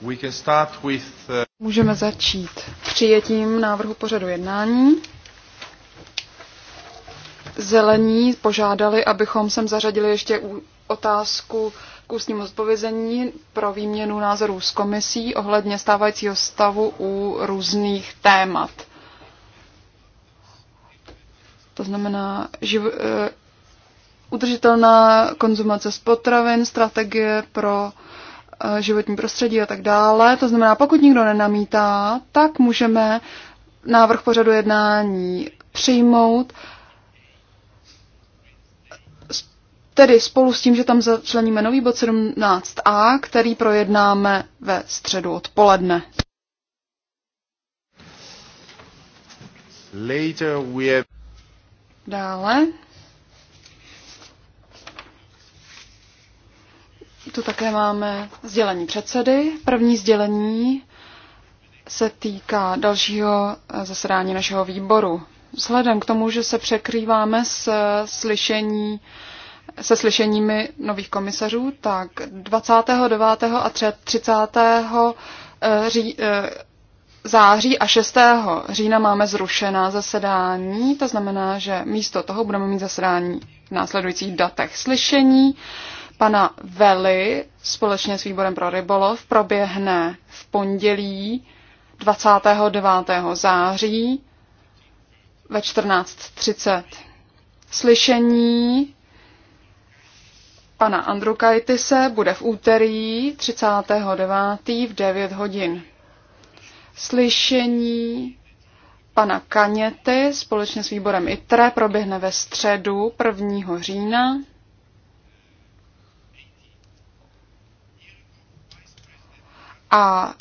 Uh, Můžeme začít přijetím návrhu pořadu jednání. Zelení požádali, abychom sem zařadili ještě otázku k ústním odpovězení pro výměnu názorů s komisí ohledně stávajícího stavu u různých témat. To znamená živ- eh, udržitelná konzumace z potravin, strategie pro uh, Eh, životní prostředí a tak dále. To znamená, pokud nikdo nenamítá, tak můžeme návrh pořadu jednání přijmout, tedy spolu s tím, že tam začleníme nový bod 17a, který projednáme ve středu odpoledne. Later we have... Dále Tu také máme sdělení předsedy. První sdělení se týká dalšího zasedání našeho výboru. Vzhledem k tomu, že se překrýváme s slyšení se slyšeními nových komisařů, tak 29. a 30. Eh, ří, eh, září a 6. října máme zrušená zasedání, to znamená, že místo toho budeme mít zasedání v následujících datech slyšení pana Veli společně s výborem pro rybolov proběhne v pondělí 29. září ve 14.30. Slyšení pana Andrukajtise bude v úterý 39. v 9 hodin. Slyšení pana Kaněty společně s výborem ITRE proběhne ve středu 1. října a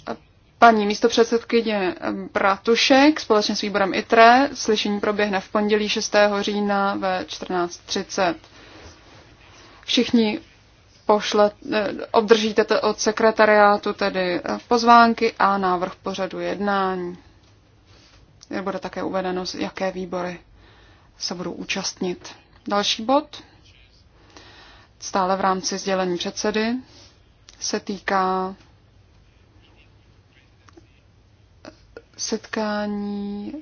paní místopředsedkyně Bratušek společně s výborem ITRE. Slyšení proběhne v pondělí 6. října ve 14.30. Všichni pošle, eh, obdržíte od sekretariátu tedy eh, pozvánky a návrh pořadu jednání. Bude také uvedeno, jaké výbory se budou účastnit. Další bod, stále v rámci sdělení předsedy, se týká setkání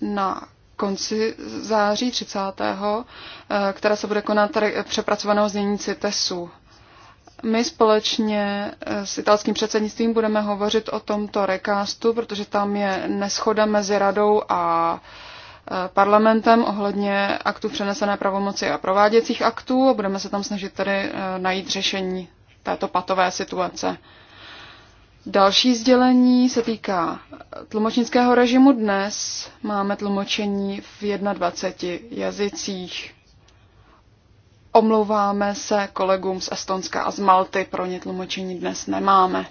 na konci září 30. Eh, která se bude konat přepracovanou znění CITESu. My společně eh, s italským předsednictvím budeme hovořit o tomto rekástu, protože tam je neschoda mezi radou a eh, parlamentem ohledně aktů přenesené pravomoci a prováděcích aktů a budeme se tam snažit tedy najít řešení této patové situace. Další sdělení se týká tlumočnického režimu dnes. Máme tlumočení v 21 jazycích. Omlouváme se kolegům z Estonska a z Malty, pro ně tlumočení dnes nemáme.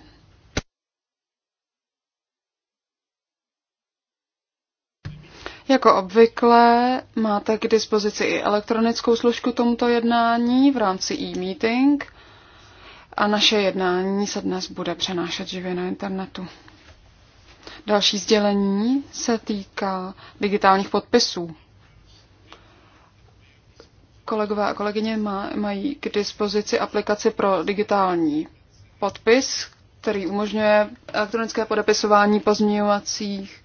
Jako obvykle máte k dispozici i elektronickou složku tomuto jednání v rámci e-meeting a naše jednání se dnes bude přenášet živě na internetu. Další sdělení se týká digitálních podpisů. Kolegové a kolegyně mají k dispozici aplikaci pro digitální podpis, který umožňuje elektronické podepisování pozměňovacích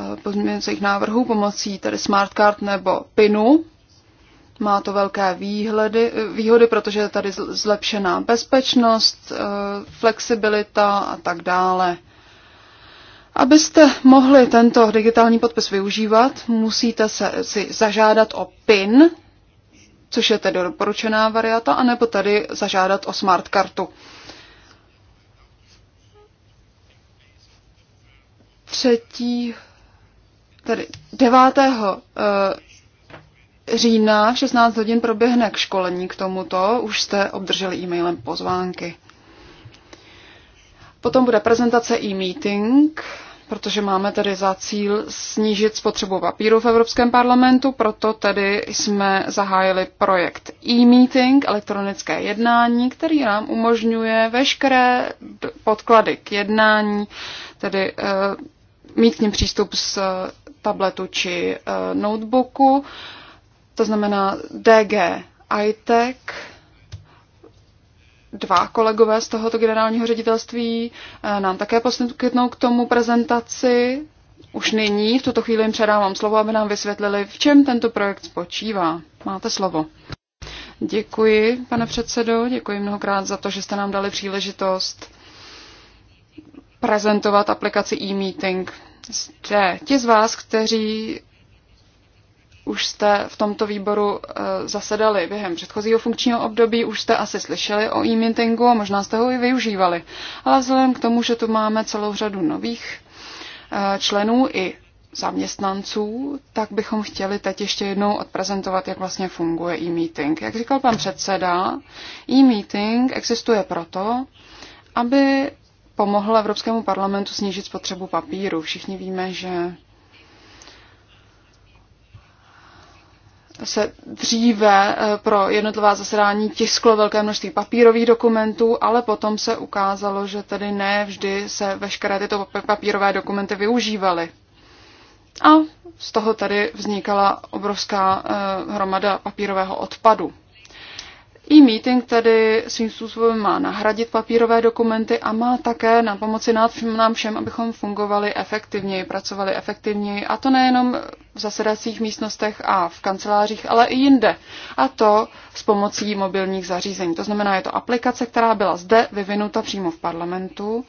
eh, pozměňovacích návrhů pomocí tedy smartcard nebo PINu má to velké výhledy, výhody, protože je tady zlepšená bezpečnost, eh, flexibilita a tak dále. Abyste mohli tento digitální podpis využívat, musíte se, si zažádat o PIN, což je tedy doporučená varianta, anebo tady zažádat o smart kartu. Třetí, tedy 9 října v 16 hodin proběhne k školení k tomuto. Už jste obdrželi e-mailem pozvánky. Potom bude prezentace e-meeting, protože máme tedy za cíl snížit spotřebu papíru v Evropském parlamentu, proto tedy jsme zahájili projekt e-meeting, elektronické jednání, který nám umožňuje veškeré podklady k jednání, tedy eh, mít k ním přístup z tabletu či eh, notebooku to znamená DG ITEC, dva kolegové z tohoto generálního ředitelství eh, nám také poskytnou k tomu prezentaci. Už nyní, v tuto chvíli jim předávám slovo, aby nám vysvětlili, v čem tento projekt spočívá. Máte slovo. Děkuji, pane předsedo, děkuji mnohokrát za to, že jste nám dali příležitost prezentovat aplikaci e-meeting. Zde ti z vás, kteří už jste v tomto výboru eh, zasedali během předchozího funkčního období, už jste asi slyšeli o e mintingu a možná jste ho i využívali. Ale vzhledem k tomu, že tu máme celou řadu nových eh, členů i zaměstnanců, tak bychom chtěli teď ještě jednou odprezentovat, jak vlastně funguje e-meeting. Jak říkal pan předseda, e-meeting existuje proto, aby pomohl Evropskému parlamentu snížit spotřebu papíru. Všichni víme, že se dříve eh, pro jednotlivá zasedání tisklo velké množství papírových dokumentů, ale potom se ukázalo, že tedy ne vždy se veškeré tyto papírové dokumenty využívaly. A z toho tady vznikala obrovská eh, hromada papírového odpadu. E-meeting tedy svým způsobem má nahradit papírové dokumenty a má také na pomoci nám všem, abychom fungovali efektivněji, pracovali efektivněji a to nejenom v zasedacích místnostech a v kancelářích, ale i jinde. A to s pomocí mobilních zařízení. To znamená, je to aplikace, která byla zde vyvinuta přímo v parlamentu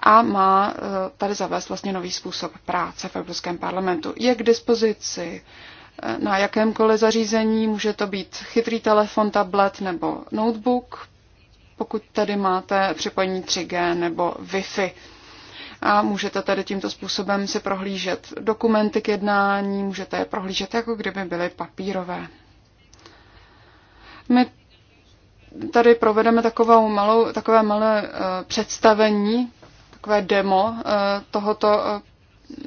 a má eh, tady zavést vlastně nový způsob práce v Evropském parlamentu. Je k dispozici na jakémkoliv zařízení. Může to být chytrý telefon, tablet nebo notebook, pokud tady máte připojení 3G nebo Wi-Fi. A můžete tady tímto způsobem si prohlížet dokumenty k jednání, můžete je prohlížet jako kdyby byly papírové. My tady provedeme takovou malou, takové malé eh, představení, takové demo eh, tohoto eh,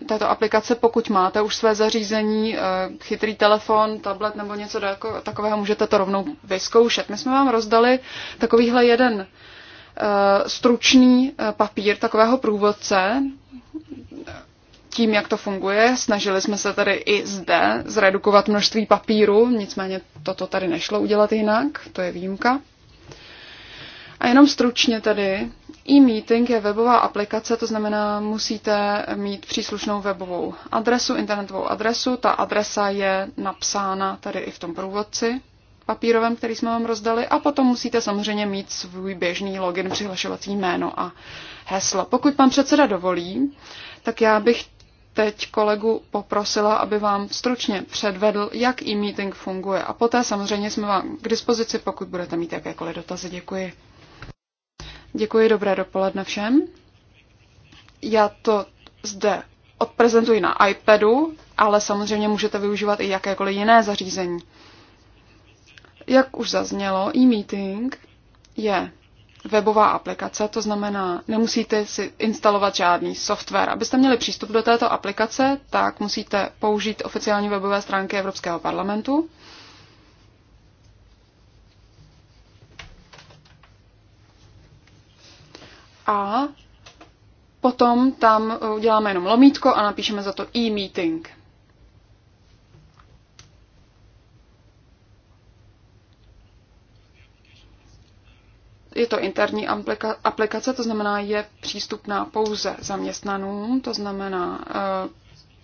této aplikace, pokud máte už své zařízení, eh, chytrý telefon, tablet nebo něco takového, můžete to rovnou vyzkoušet. My jsme vám rozdali takovýhle jeden eh, stručný eh, papír takového průvodce, tím, jak to funguje. Snažili jsme se tady i zde zredukovat množství papíru, nicméně toto tady nešlo udělat jinak, to je výjimka. A jenom stručně tedy E-meeting je webová aplikace, to znamená, musíte mít příslušnou webovou adresu, internetovou adresu. Ta adresa je napsána tady i v tom průvodci papírovém, který jsme vám rozdali. A potom musíte samozřejmě mít svůj běžný login, přihlašovací jméno a heslo. Pokud pan předseda dovolí, tak já bych teď kolegu poprosila, aby vám stručně předvedl, jak e-meeting funguje. A poté samozřejmě jsme vám k dispozici, pokud budete mít jakékoliv dotazy. Děkuji. Děkuji, dobré dopoledne všem. Já to zde odprezentuji na iPadu, ale samozřejmě můžete využívat i jakékoliv jiné zařízení. Jak už zaznělo, e-meeting je webová aplikace, to znamená, nemusíte si instalovat žádný software. Abyste měli přístup do této aplikace, tak musíte použít oficiální webové stránky Evropského parlamentu a potom tam eh, uděláme jenom lomítko a napíšeme za to e-meeting. je to interní aplikace, to znamená, je přístupná pouze zaměstnanům, to znamená eh,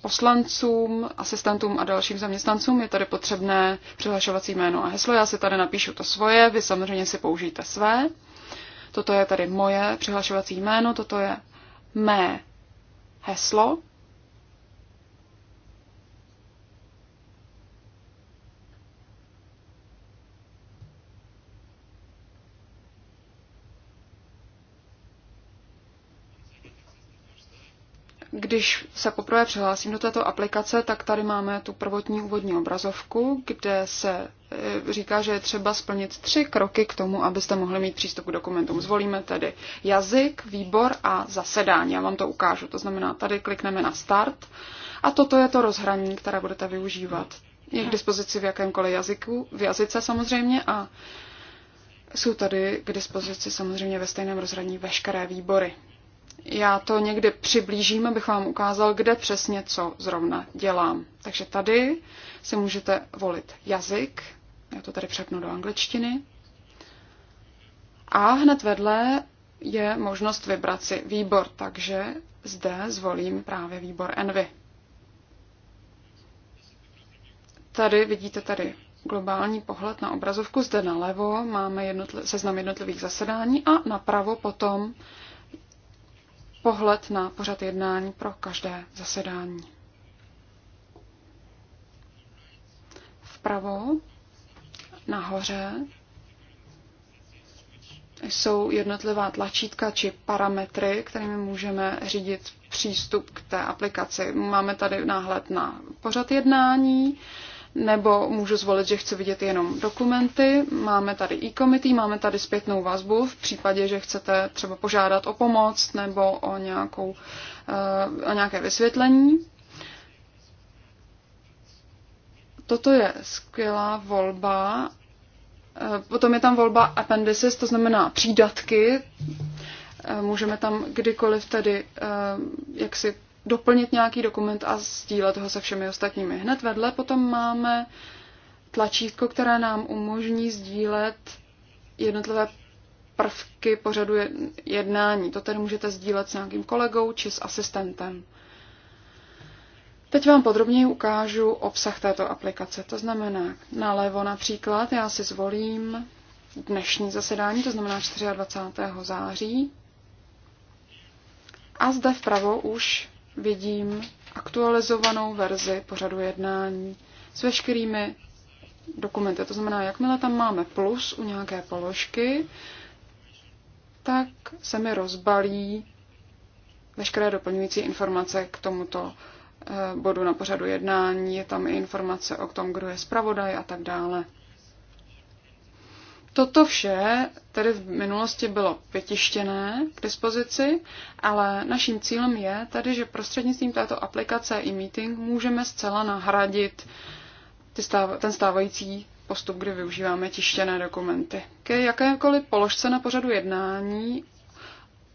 poslancům, asistentům a dalším zaměstnancům. Je tady potřebné přihlašovací jméno a heslo. Já si tady napíšu to svoje, vy samozřejmě si použijte své. Toto je tady moje přihlašovací jméno, toto je mé heslo. Když se poprvé přihlásím do této aplikace, tak tady máme tu prvotní úvodní obrazovku, kde se e, říká, že je třeba splnit tři kroky k tomu, abyste mohli mít přístup k dokumentům. Zvolíme tedy jazyk, výbor a zasedání. Já vám to ukážu. To znamená, tady klikneme na start a toto je to rozhraní, které budete využívat. Je k dispozici v jakémkoliv jazyku, v jazyce samozřejmě a jsou tady k dispozici samozřejmě ve stejném rozhraní veškeré výbory. Já to někdy přiblížím, abych vám ukázal, kde přesně co zrovna dělám. Takže tady si můžete volit jazyk, já to tady přepnu do angličtiny. A hned vedle je možnost vybrat si výbor, takže zde zvolím právě výbor Envy. Tady vidíte tady globální pohled na obrazovku, zde nalevo máme jednotl- seznam jednotlivých zasedání a napravo potom pohled na pořad jednání pro každé zasedání. Vpravo nahoře jsou jednotlivá tlačítka či parametry, kterými můžeme řídit přístup k té aplikaci. Máme tady náhled na pořad jednání, nebo můžu zvolit, že chci vidět jenom dokumenty. Máme tady e-committee, máme tady zpětnou vazbu v případě, že chcete třeba požádat o pomoc nebo o, nějakou, eh, o nějaké vysvětlení. Toto je skvělá volba. Eh, potom je tam volba appendices, to znamená přídatky. Eh, můžeme tam kdykoliv tedy jaksi doplnit nějaký dokument a sdílet ho se všemi ostatními. Hned vedle potom máme tlačítko, které nám umožní sdílet jednotlivé prvky pořadu jednání. To tedy můžete sdílet s nějakým kolegou či s asistentem. Teď vám podrobněji ukážu obsah této aplikace. To znamená, nalevo například já si zvolím dnešní zasedání, to znamená 24. září. A zde vpravo už vidím aktualizovanou verzi pořadu jednání s veškerými dokumenty. To znamená, jakmile tam máme plus u nějaké položky, tak se mi rozbalí veškeré doplňující informace k tomuto eh, bodu na pořadu jednání. Je tam i informace o tom, kdo je zpravodaj a tak dále. Toto vše tedy v minulosti bylo vytištěné k dispozici, ale naším cílem je tedy, že prostřednictvím této aplikace i meeting můžeme zcela nahradit ten stávající postup, kdy využíváme tištěné dokumenty. Ke jakékoliv položce na pořadu jednání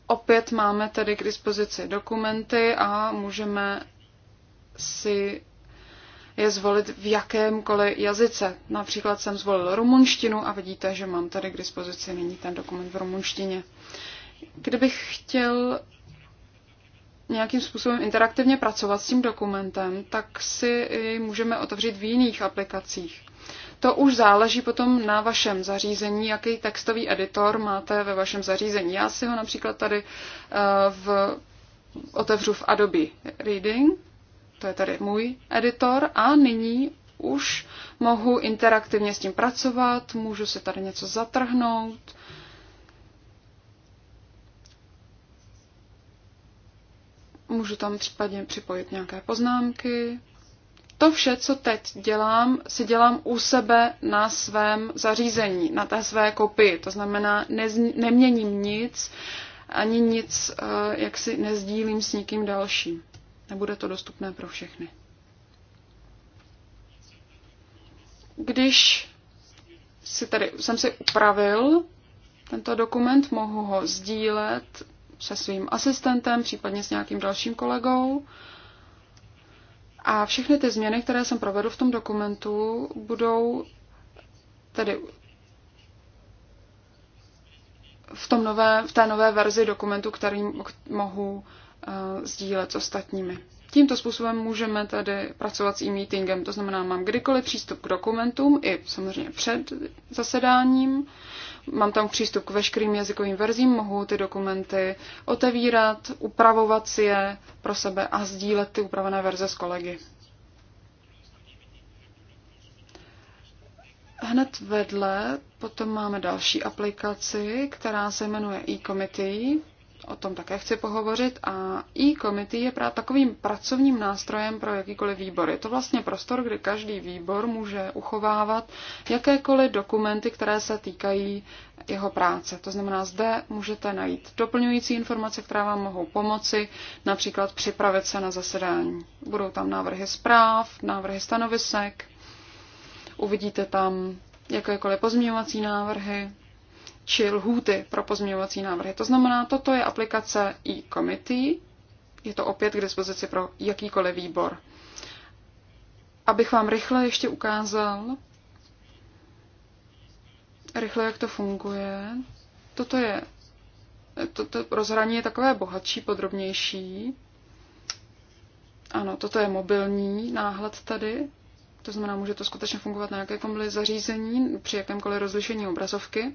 opět máme tedy k dispozici dokumenty a můžeme si je zvolit v jakémkoliv jazyce. Například jsem zvolil rumunštinu a vidíte, že mám tady k dispozici nyní ten dokument v rumunštině. Kdybych chtěl nějakým způsobem interaktivně pracovat s tím dokumentem, tak si jej můžeme otevřít v jiných aplikacích. To už záleží potom na vašem zařízení, jaký textový editor máte ve vašem zařízení. Já si ho například tady eh, v, otevřu v Adobe Reading to je tady můj editor a nyní už mohu interaktivně s tím pracovat, můžu si tady něco zatrhnout. Můžu tam případně připojit nějaké poznámky. To vše, co teď dělám, si dělám u sebe na svém zařízení, na té své kopii. To znamená, nez, neměním nic, ani nic, eh, jak si nezdílím s nikým dalším. Nebude to dostupné pro všechny. Když si tady, jsem si upravil tento dokument, mohu ho sdílet se svým asistentem, případně s nějakým dalším kolegou. A všechny ty změny, které jsem provedl v tom dokumentu, budou tedy v, tom nové, v té nové verzi dokumentu, který mohu Eh, sdílet s ostatními. Tímto způsobem můžeme tady pracovat s e-meetingem, to znamená, mám kdykoliv přístup k dokumentům i samozřejmě před zasedáním, mám tam přístup k veškerým jazykovým verzím, mohu ty dokumenty otevírat, upravovat si je pro sebe a sdílet ty upravené verze s kolegy. Hned vedle potom máme další aplikaci, která se jmenuje e-committee o tom také chci pohovořit. A e-committee je právě takovým pracovním nástrojem pro jakýkoliv výbor. Je to vlastně prostor, kde každý výbor může uchovávat jakékoliv dokumenty, které se týkají jeho práce. To znamená, zde můžete najít doplňující informace, které vám mohou pomoci, například připravit se na zasedání. Budou tam návrhy zpráv, návrhy stanovisek, uvidíte tam jakékoliv pozměňovací návrhy, či lhůty pro pozměňovací návrhy. To znamená, toto je aplikace e-committee, je to opět k dispozici pro jakýkoliv výbor. Abych vám rychle ještě ukázal, rychle, jak to funguje. Toto je, toto rozhraní je takové bohatší, podrobnější. Ano, toto je mobilní náhled tady. To znamená, může to skutečně fungovat na jakékoliv zařízení, při jakémkoliv rozlišení obrazovky.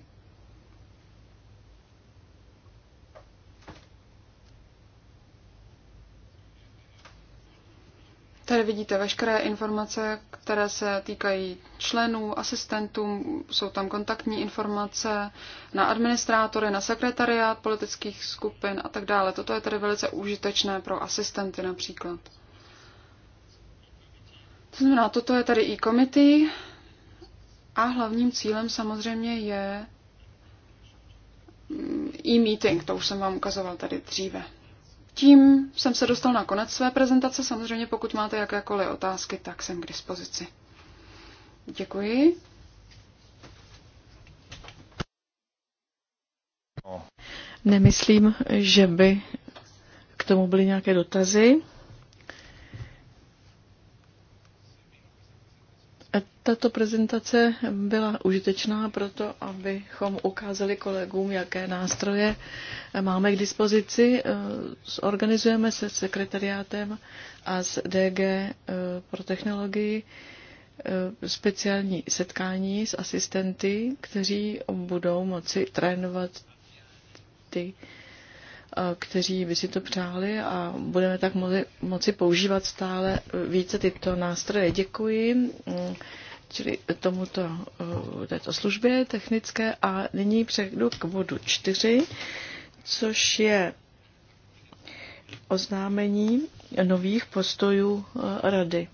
Tady vidíte veškeré informace, které se týkají členů, asistentů, jsou tam kontaktní informace na administrátory, na sekretariát politických skupin a tak dále. Toto je tedy velice užitečné pro asistenty například. To znamená, toto je tady i e komity a hlavním cílem samozřejmě je e-meeting, to už jsem vám ukazoval tady dříve. Tím jsem se dostal na konec své prezentace. Samozřejmě, pokud máte jakékoliv otázky, tak jsem k dispozici. Děkuji. Nemyslím, že by k tomu byly nějaké dotazy. Tato prezentace byla užitečná proto, abychom ukázali kolegům, jaké nástroje máme k dispozici. Eh, zorganizujeme se s sekretariátem a s DG eh, pro technologii eh, speciální setkání s asistenty, kteří budou moci trénovat ty Eh, kteří by si to přáli a budeme tak moci, moci používat stále více tyto nástroje. Děkuji eh, čili tomuto, eh, této službě technické a nyní přejdu k bodu čtyři, což je oznámení nových postojů rady.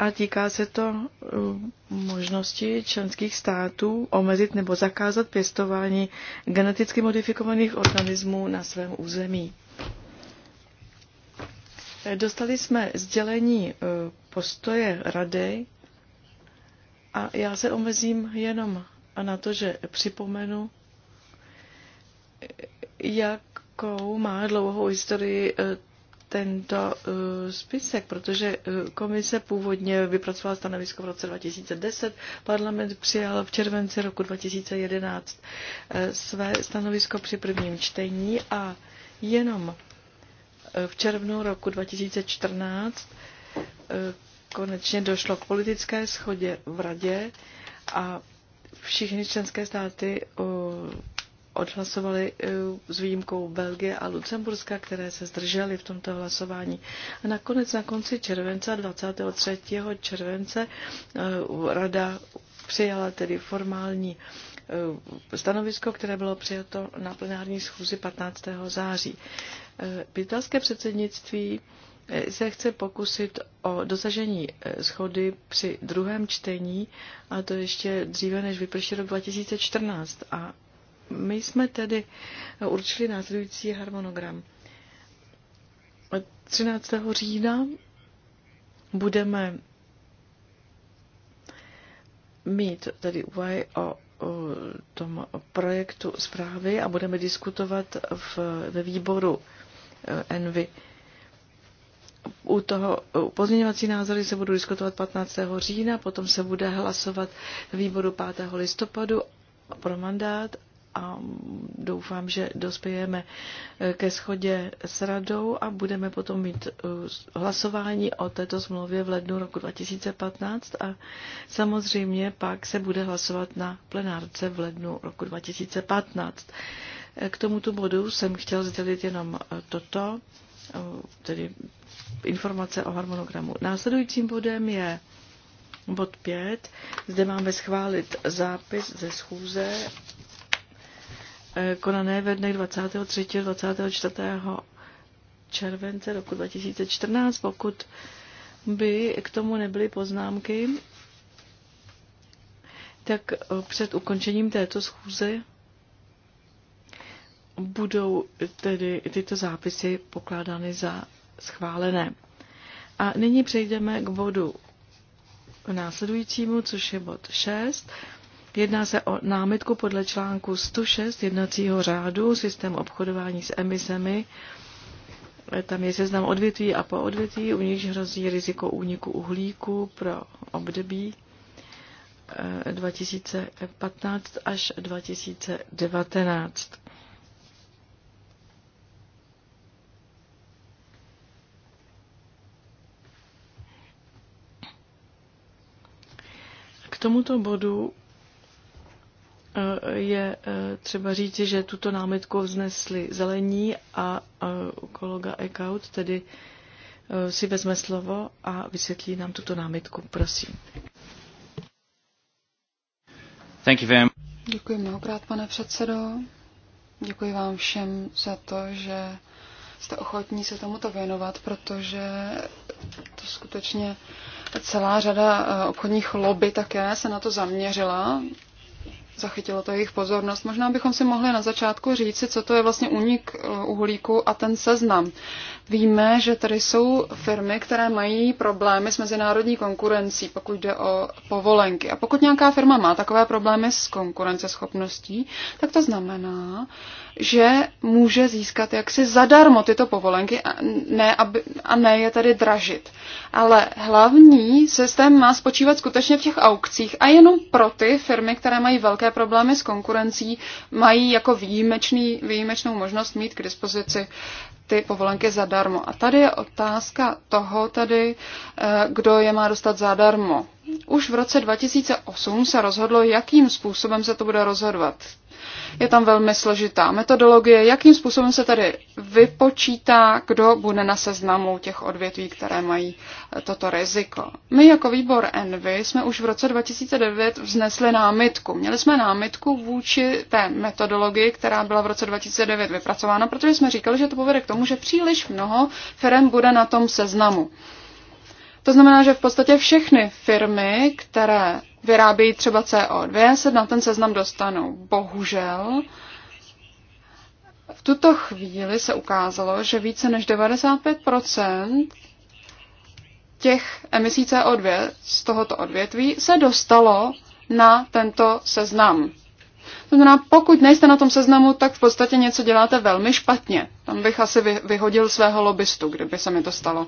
a týká se to uh, možnosti členských států omezit nebo zakázat pěstování geneticky modifikovaných organismů na svém území. Eh, dostali jsme sdělení eh, postoje rady a já se omezím jenom na to, že připomenu, eh, jakou má dlouhou historii tento eh, spisek, protože eh, komise původně vypracovala stanovisko v roce 2010, parlament přijal v červenci roku 2011 eh, své stanovisko při prvním čtení a jenom v červnu roku 2014 konečně došlo k politické schodě v radě a všichni členské státy odhlasovali eh, s výjimkou Belgie a Lucemburska, které se zdržely v tomto hlasování. A nakonec na konci července, 23. července, eh, rada přijala tedy formální eh, stanovisko, které bylo přijato na plenární schůzi 15. září. Italské předsednictví se chce pokusit o dosažení schody při druhém čtení, a to ještě dříve, než vyprší rok 2014. A my jsme tedy určili následující harmonogram. 13. října budeme mít tady úvahy o, o tom projektu zprávy a budeme diskutovat v, ve výboru eh, Envy. U toho u pozměňovací názory se budou diskutovat 15. října, potom se bude hlasovat výboru 5. listopadu pro mandát a doufám, že dospějeme eh, ke schodě s radou a budeme potom mít eh, hlasování o této smlouvě v lednu roku 2015 a samozřejmě pak se bude hlasovat na plenárce v lednu roku 2015. Eh, k tomuto bodu jsem chtěl sdělit jenom toto, tedy informace o harmonogramu. Následujícím bodem je bod 5. Zde máme schválit zápis ze schůze Eh, konané ve dnech 23. 24. července roku 2014, pokud by k tomu nebyly poznámky, tak eh, před ukončením této schůze budou tedy tyto zápisy pokládány za schválené. A nyní přejdeme k bodu následujícímu, což je bod 6. Jedná se o námitku podle článku 106 jednacího řádu, systém obchodování s emisemi. Tam je seznam odvětví a po odvětví, u nichž hrozí riziko úniku uhlíku pro období 2015 eh, až 2019. K tomuto bodu Eh, je eh, třeba říci, že tuto námitku vznesli zelení a eh, kolega Ekaut tedy si vezme slovo a vysvětlí nám tuto námitku. Prosím. Thank you very much. Děkuji mnohokrát, pane předsedo. Děkuji vám všem za to, že jste ochotní se tomuto věnovat, protože to skutečně celá řada obchodních lobby také se na to zaměřila zachytilo to jejich pozornost. Možná bychom si mohli na začátku říci, co to je vlastně únik eh, uhlíku a ten seznam. Víme, že tady jsou firmy, které mají problémy s mezinárodní konkurencí, pokud jde o povolenky. A pokud nějaká firma má takové problémy s konkurenceschopností, tak to znamená, že může získat jaksi zadarmo tyto povolenky a ne, aby, a ne je tady dražit. Ale hlavní systém má spočívat skutečně v těch aukcích a jenom pro ty firmy, které mají velké problémy s konkurencí, mají jako výjimečný, výjimečnou možnost mít k dispozici ty povolenky zadarmo. A tady je otázka toho tedy, eh, kdo je má dostat zadarmo už v roce 2008 se rozhodlo, jakým způsobem se to bude rozhodovat. Je tam velmi složitá metodologie, jakým způsobem se tady vypočítá, kdo bude na seznamu těch odvětví, které mají eh, toto riziko. My jako výbor Envy jsme už v roce 2009 vznesli námitku. Měli jsme námitku vůči té metodologii, která byla v roce 2009 vypracována, protože jsme říkali, že to povede k tomu, že příliš mnoho firm bude na tom seznamu. To znamená, že v podstatě všechny firmy, které vyrábějí třeba CO2, se na ten seznam dostanou. Bohužel, v tuto chvíli se ukázalo, že více než 95 těch emisí CO2 z tohoto odvětví se dostalo na tento seznam. To znamená, pokud nejste na tom seznamu, tak v podstatě něco děláte velmi špatně. Tam bych asi vyhodil svého lobbystu, kdyby se mi to stalo.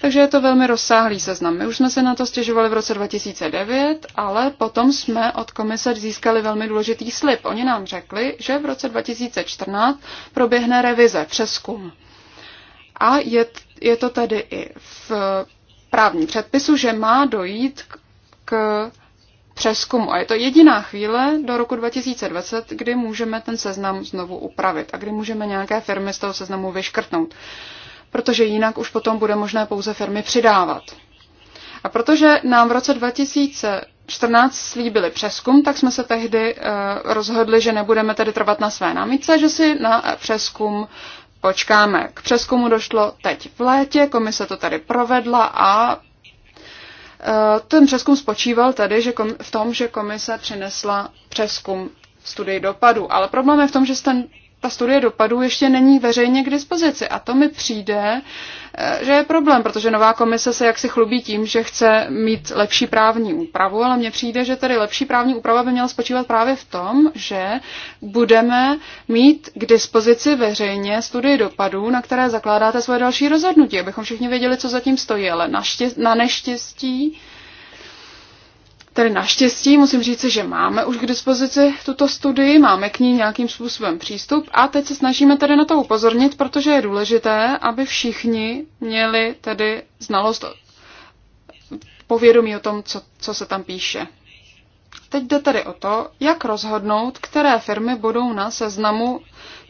Takže je to velmi rozsáhlý seznam. My už jsme se na to stěžovali v roce 2009, ale potom jsme od komise získali velmi důležitý slib. Oni nám řekli, že v roce 2014 proběhne revize, přeskum. A je, je to tedy i v právním předpisu, že má dojít k, k přeskumu. A je to jediná chvíle do roku 2020, kdy můžeme ten seznam znovu upravit a kdy můžeme nějaké firmy z toho seznamu vyškrtnout. Protože jinak už potom bude možné pouze firmy přidávat. A protože nám v roce 2014 slíbili přeskum, tak jsme se tehdy eh, rozhodli, že nebudeme tedy trvat na své námitce, že si na přeskum počkáme. K přeskumu došlo teď v létě, komise to tady provedla a Eh, ten přeskum spočíval tady, že v tom, že komise přinesla přeskum studii dopadu, ale problém je v tom, že se ten ta studie dopadů ještě není veřejně k dispozici. A to mi přijde, eh, že je problém, protože nová komise se jaksi chlubí tím, že chce mít lepší právní úpravu, ale mně přijde, že tady lepší právní úprava by měla spočívat právě v tom, že budeme mít k dispozici veřejně studii dopadů, na které zakládáte svoje další rozhodnutí, abychom všichni věděli, co zatím stojí, ale na, štěst, na neštěstí Tady naštěstí musím říct, že máme už k dispozici tuto studii, máme k ní nějakým způsobem přístup a teď se snažíme tady na to upozornit, protože je důležité, aby všichni měli tedy znalost povědomí o tom, co, co se tam píše. Teď jde tedy o to, jak rozhodnout, které firmy budou na seznamu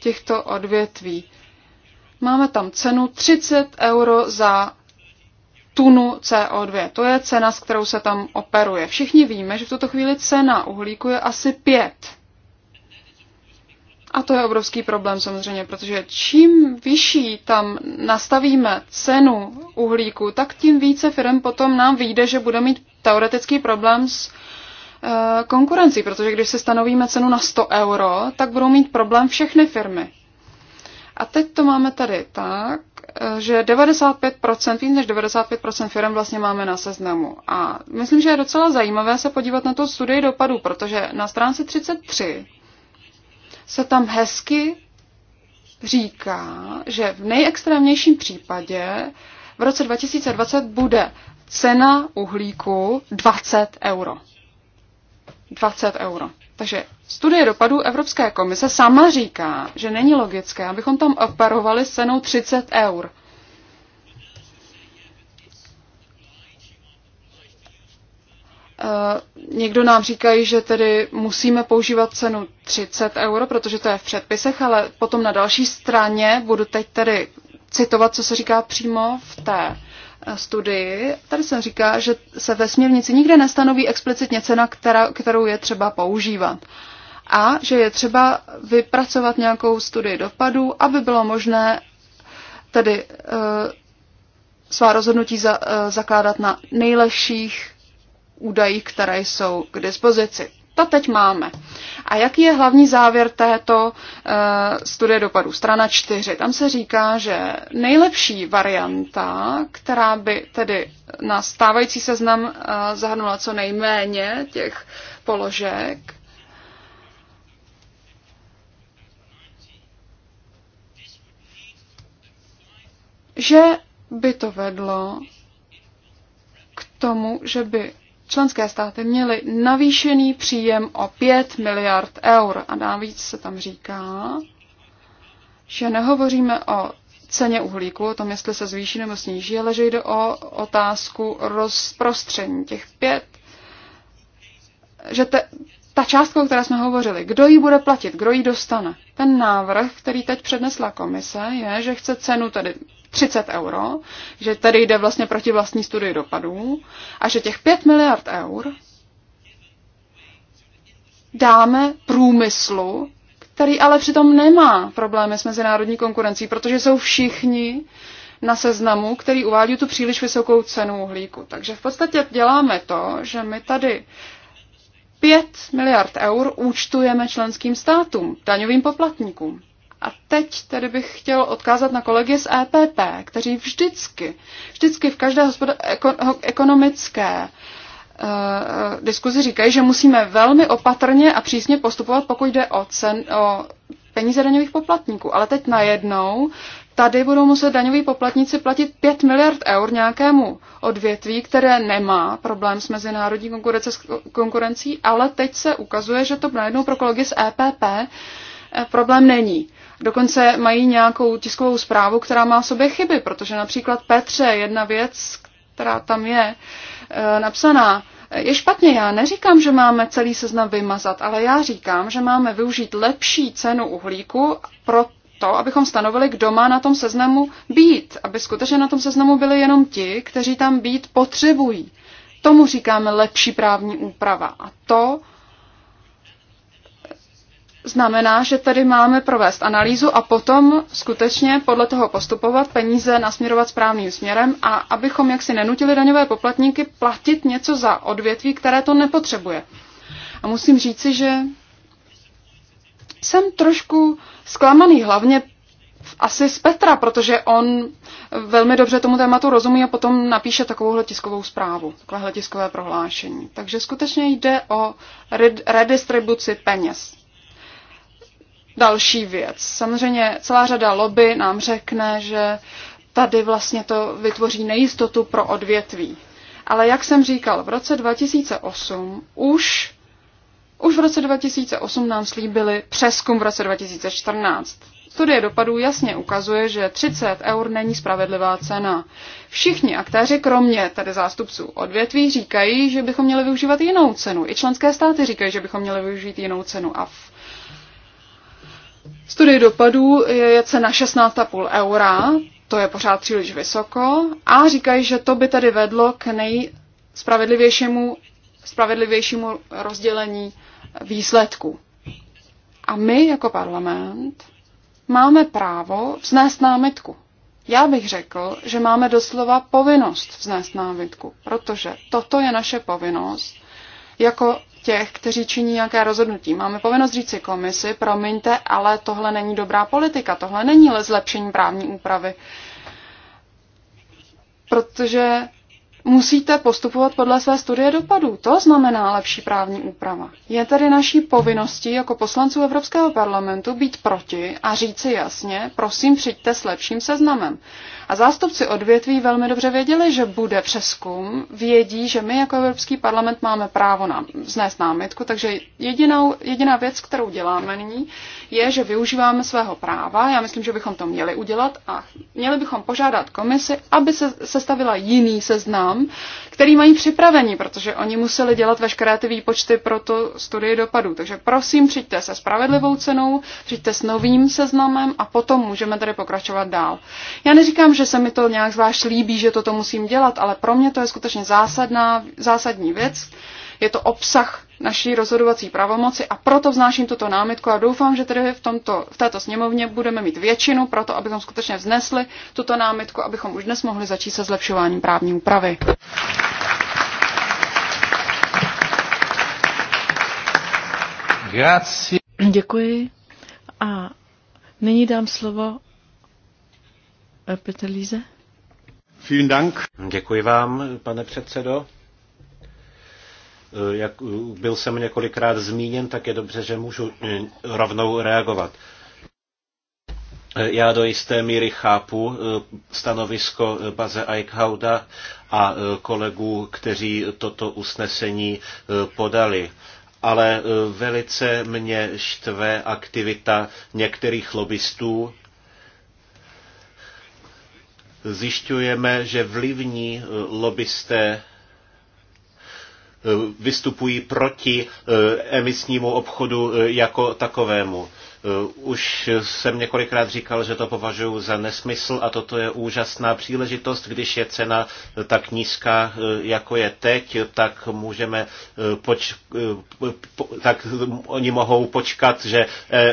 těchto odvětví. Máme tam cenu 30 euro za tunu CO2. To je cena, s kterou se tam operuje. Všichni víme, že v tuto chvíli cena uhlíku je asi 5. A to je obrovský problém samozřejmě, protože čím vyšší tam nastavíme cenu uhlíku, tak tím více firm potom nám vyjde, že bude mít teoretický problém s e, konkurencí, protože když si stanovíme cenu na 100 euro, tak budou mít problém všechny firmy. A teď to máme tady tak, eh, že 95%, víc než 95% firm vlastně máme na seznamu. A myslím, že je docela zajímavé se podívat na tu studii dopadů, protože na stránce 33 se tam hezky říká, že v nejextrémnějším případě v roce 2020 bude cena uhlíku 20 euro. 20 euro. Takže Studie dopadů Evropské komise sama říká, že není logické, abychom tam operovali s cenou 30 eur. Eh, někdo nám říkají, že tedy musíme používat cenu 30 euro, protože to je v předpisech, ale potom na další straně budu teď tedy citovat, co se říká přímo v té eh, studii. Tady se říká, že se ve směrnici nikde nestanoví explicitně cena, která, kterou je třeba používat. Uh, a že je třeba vypracovat nějakou studii dopadů, aby bylo možné tedy e, svá rozhodnutí za, e, zakládat na nejlepších údajích, které jsou k dispozici. To teď máme. A jaký je hlavní závěr této e, studie dopadů? Strana 4. Tam se říká, že nejlepší varianta, která by tedy na stávající seznam e, zahrnula co nejméně těch položek, že by to vedlo k tomu, že by členské státy měly navýšený příjem o 5 miliard eur. A navíc se tam říká, že nehovoříme o ceně uhlíku, o tom, jestli se zvýší nebo sníží, ale že jde o otázku rozprostření těch pět, že te, ta částka, o které jsme hovořili, kdo ji bude platit, kdo ji dostane. Ten návrh, který teď přednesla komise, je, že chce cenu tedy 30 euro, že tady jde vlastně proti vlastní studii dopadů a že těch 5 miliard eur dáme průmyslu, který ale přitom nemá problémy s mezinárodní konkurencí, protože jsou všichni na seznamu, který uvádí tu příliš vysokou cenu uhlíku. Takže v podstatě děláme to, že my tady 5 miliard eur účtujeme členským státům, daňovým poplatníkům teď tady bych chtěl odkázat na kolegy z EPP, kteří vždycky, vždycky v každé ekonomické uh, diskuzi říkají, že musíme velmi opatrně a přísně postupovat, pokud jde o, cen, o peníze daňových poplatníků. Ale teď najednou tady budou muset daňoví poplatníci platit 5 miliard eur nějakému odvětví, které nemá problém s mezinárodní konkurencí, ale teď se ukazuje, že to najednou pro kolegy z EPP eh, problém není. Dokonce mají nějakou tiskovou zprávu, která má v sobě chyby, protože například Petře, jedna věc, která tam je e, napsaná, je špatně. Já neříkám, že máme celý seznam vymazat, ale já říkám, že máme využít lepší cenu uhlíku pro to, abychom stanovili, kdo má na tom seznamu být, aby skutečně na tom seznamu byli jenom ti, kteří tam být potřebují. Tomu říkáme lepší právní úprava. A to znamená, že tady máme provést analýzu a potom skutečně podle toho postupovat, peníze nasměrovat správným směrem a abychom jaksi nenutili daňové poplatníky platit něco za odvětví, které to nepotřebuje. A musím říci, že jsem trošku zklamaný, hlavně asi z Petra, protože on velmi dobře tomu tématu rozumí a potom napíše takovouhle tiskovou zprávu, takovéhle tiskové prohlášení. Takže skutečně jde o redistribuci peněz další věc. Samozřejmě celá řada lobby nám řekne, že tady vlastně to vytvoří nejistotu pro odvětví. Ale jak jsem říkal, v roce 2008 už, už v roce 2008 nám slíbili přeskum v roce 2014. Studie dopadů jasně ukazuje, že 30 eur není spravedlivá cena. Všichni aktéři, kromě tedy zástupců odvětví, říkají, že bychom měli využívat jinou cenu. I členské státy říkají, že bychom měli využít jinou cenu. A v Studie dopadů je cena 16,5 eura, to je pořád příliš vysoko, a říkají, že to by tady vedlo k nejspravedlivějšímu spravedlivějšímu rozdělení výsledků. A my jako parlament máme právo vznést námitku. Já bych řekl, že máme doslova povinnost vznést námitku, protože toto je naše povinnost jako těch, kteří činí nějaké rozhodnutí. Máme povinnost říct si komisi, promiňte, ale tohle není dobrá politika, tohle není zlepšení právní úpravy. Protože musíte postupovat podle své studie dopadů. To znamená lepší právní úprava. Je tedy naší povinností jako poslanců Evropského parlamentu být proti a říci jasně, prosím, přijďte s lepším seznamem. A zástupci odvětví velmi dobře věděli, že bude přeskum, vědí, že my jako Evropský parlament máme právo na, vznést námitku, takže jedinou, jediná věc, kterou děláme nyní, je, že využíváme svého práva. Já myslím, že bychom to měli udělat a měli bychom požádat komisi, aby se sestavila jiný seznam, který mají připravení, protože oni museli dělat veškeré ty výpočty pro to studii dopadů. Takže prosím, přijďte se spravedlivou cenou, přijďte s novým seznamem a potom můžeme tady pokračovat dál. Já neříkám, že se mi to nějak zvlášť líbí, že toto musím dělat, ale pro mě to je skutečně zásadná, zásadní věc. Je to obsah naší rozhodovací pravomoci a proto vznáším tuto námitku a doufám, že tedy v, tomto, v této sněmovně budeme mít většinu pro to, abychom skutečně vznesli tuto námitku, abychom už dnes mohli začít se zlepšováním právní úpravy. Děkuji. A nyní dám slovo Eh, Petr Líze. Vielen Dank. Děkuji vám, pane předsedo. Eh, jak eh, byl jsem několikrát zmíněn, tak je dobře, že můžu rovnou reagovat. Já do jisté míry chápu stanovisko Baze Eichhauda a kolegů, kteří toto usnesení podali ale velice mě štve aktivita některých lobbystů, zjišťujeme, že vlivní eh, lobbysté eh, vystupují proti eh, emisnímu obchodu jako takovému. Eh, už jsem několikrát říkal, že to považuji za nesmysl a toto je úžasná příležitost. Když je cena eh, tak nízká, eh, jako je teď, tak můžeme poč- po, tak oni mohou počkat, že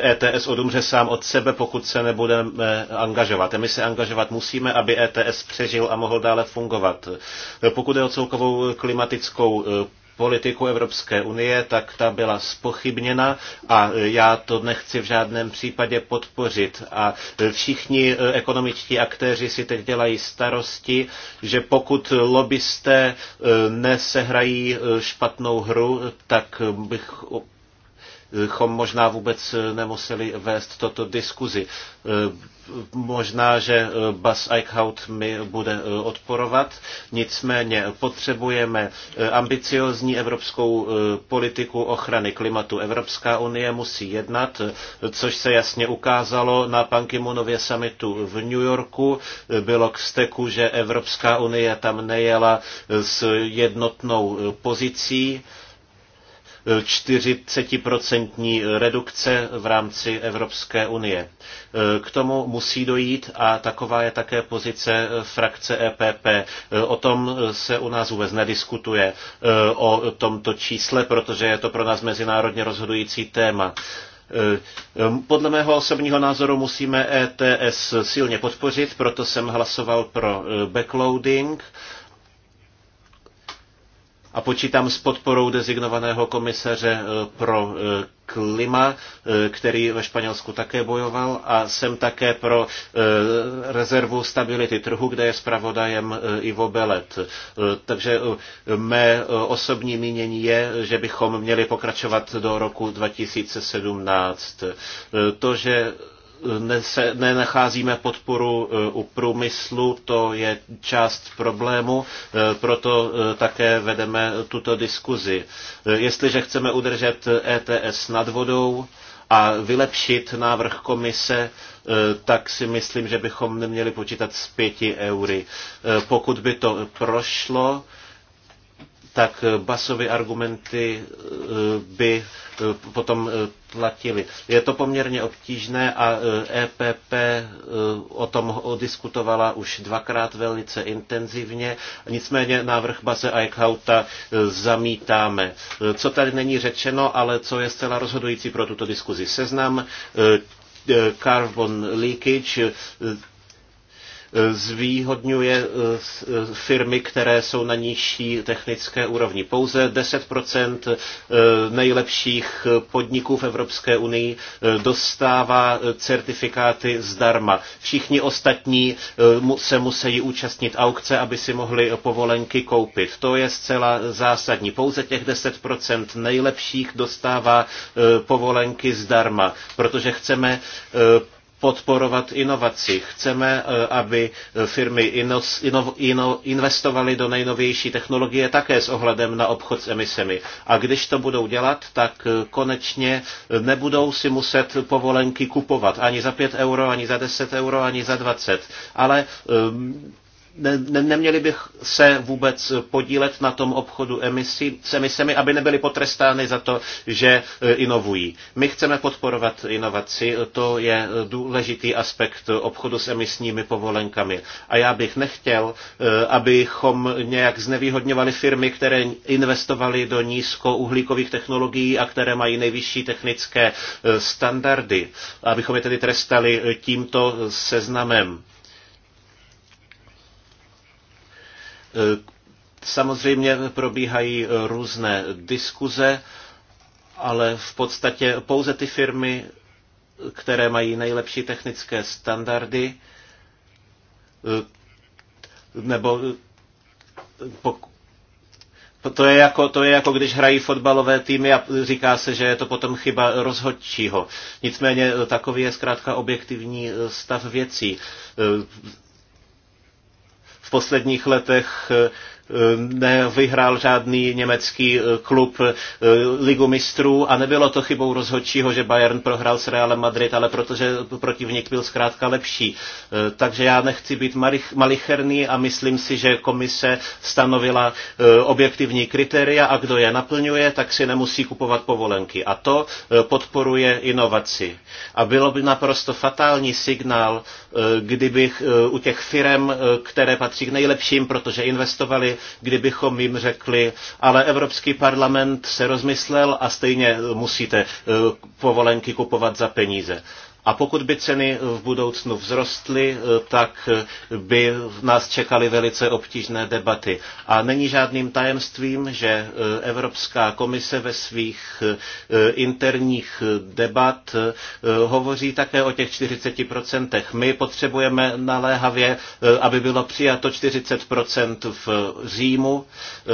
ETS e odumře sám od sebe, pokud se nebudeme angažovat. A my se angažovat musíme, aby ETS přežil a mohl dále fungovat. Pokud je o celkovou klimatickou politiku Evropské unie, tak ta byla spochybněna a já to nechci v žádném případě podpořit. A všichni e, ekonomičtí aktéři si teď dělají starosti, že pokud lobbysté e, nesehrají e, špatnou hru, tak bych bychom možná vůbec nemuseli vést toto diskuzi. Možná, že eh, Bas Eichhout mi bude eh, odporovat, nicméně potřebujeme eh, ambiciozní evropskou politiku ochrany klimatu. Evropská unie musí jednat, což se jasně ukázalo na Pankimunově summitu v New Yorku. Bylo k steku, že Evropská unie tam nejela s jednotnou pozicí 40% redukce v rámci Evropské unie. K tomu musí dojít a taková je také pozice frakce EPP. O tom se u nás vůbec nediskutuje, o tomto čísle, protože je to pro nás mezinárodně rozhodující téma. Podle mého osobního názoru musíme ETS silně podpořit, proto jsem hlasoval pro backloading a počítám s podporou dezignovaného komisaře eh, pro eh, klima, eh, který ve Španělsku také bojoval a jsem také pro rezervu stability trhu, kde je zpravodajem Ivo Belet. Takže mé osobní mínění je, že bychom měli pokračovat do roku 2017. To, že nenacházíme podporu eh, u průmyslu, to je část problému, eh, proto eh, také vedeme tuto diskuzi. Jestliže chceme udržet ETS nad vodou, a vylepšit návrh komise, tak si myslím, že bychom neměli počítat s pěti eury. Pokud by to prošlo, tak basové argumenty eh, by eh, potom eh, platily. Je to poměrně obtížné a EPP e o tom diskutovala už dvakrát velice intenzivně. Nicméně návrh Base Eichhauta zamítáme. Co tady není řečeno, ale co je zcela rozhodující pro tuto diskuzi. Seznam carbon leakage, zvýhodňuje eh, eh, firmy, které jsou na nižší technické úrovni. Pouze 10% eh, nejlepších podniků v Evropské unii dostává certifikáty zdarma. Všichni ostatní se musí účastnit aukce, aby si mohli povolenky koupit. To je zcela zásadní. Pouze těch 10% nejlepších dostává povolenky zdarma, protože chceme podporovat inovaci. Chceme, eh, aby firmy investovaly do nejnovější technologie také s ohledem na obchod s emisemi. A když to budou dělat, tak eh, konečně eh, nebudou si muset povolenky kupovat ani za 5 euro, ani za 10 euro, ani za 20. Ale ne, ne, neměli bych se vůbec podílet na tom obchodu emisí, s emisemi, aby nebyli potrestány za to, že e, inovují. My chceme podporovat inovaci, to je důležitý aspekt obchodu s emisními povolenkami. A já bych nechtěl, e, abychom nějak znevýhodňovali firmy, které investovaly do nízkouhlíkových technologií a které mají nejvyšší technické e, standardy, abychom je tedy trestali tímto seznamem Samozřejmě probíhají různé diskuze, ale v podstatě pouze ty firmy, které mají nejlepší technické standardy, nebo to je, jako, to je jako když hrají fotbalové týmy a říká se, že je to potom chyba rozhodčího. Nicméně takový je zkrátka objektivní stav věcí posledních letech eh, nevyhrál žádný německý eh, klub eh, ligu mistrů a nebylo to chybou rozhodčího, že Bayern prohrál s Realem Madrid, ale protože protivník byl zkrátka lepší. Eh, takže já nechci být malicherný a myslím si, že komise stanovila objektivní kritéria a kdo je naplňuje, tak si nemusí kupovat povolenky. A to podporuje inovaci. A bylo by naprosto fatální signál, kdybych u těch firem, které patří k nejlepším, protože investovali, kdybychom jim řekli, ale Evropský parlament se rozmyslel a stejně musíte eh, povolenky kupovat za peníze. A pokud by ceny v budoucnu vzrostly, eh, tak eh, by nás čekaly velice obtížné debaty. A není žádným tajemstvím, že eh, Evropská komise ve svých interních debat hovoří také o těch 40%. My potřebujeme naléhavě, aby bylo přijato 40% v říjmu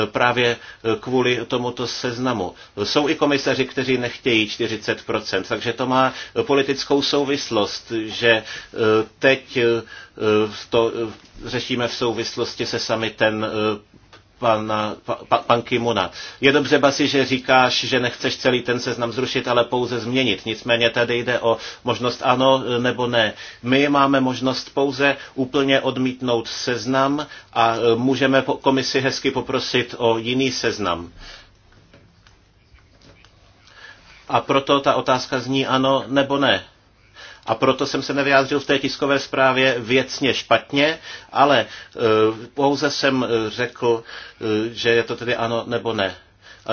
právě kvůli tomuto seznamu. Jsou i komisaři, kteří nechtějí 40%, takže to má politickou souvislost souvislost, že e, teď e, to e, řešíme v souvislosti se ten pana, pa, pan Kimuna. Je dobře, Basi, že říkáš, že nechceš celý ten seznam zrušit, ale pouze změnit. Nicméně tady jde o možnost ano nebo ne. My máme možnost pouze úplně odmítnout seznam a můžeme komisi hezky poprosit o jiný seznam. A proto ta otázka zní ano nebo ne a proto jsem se nevyjádřil v té tiskové zprávě věcně špatně, ale e, pouze jsem e, řekl, e, že je to tedy ano nebo ne.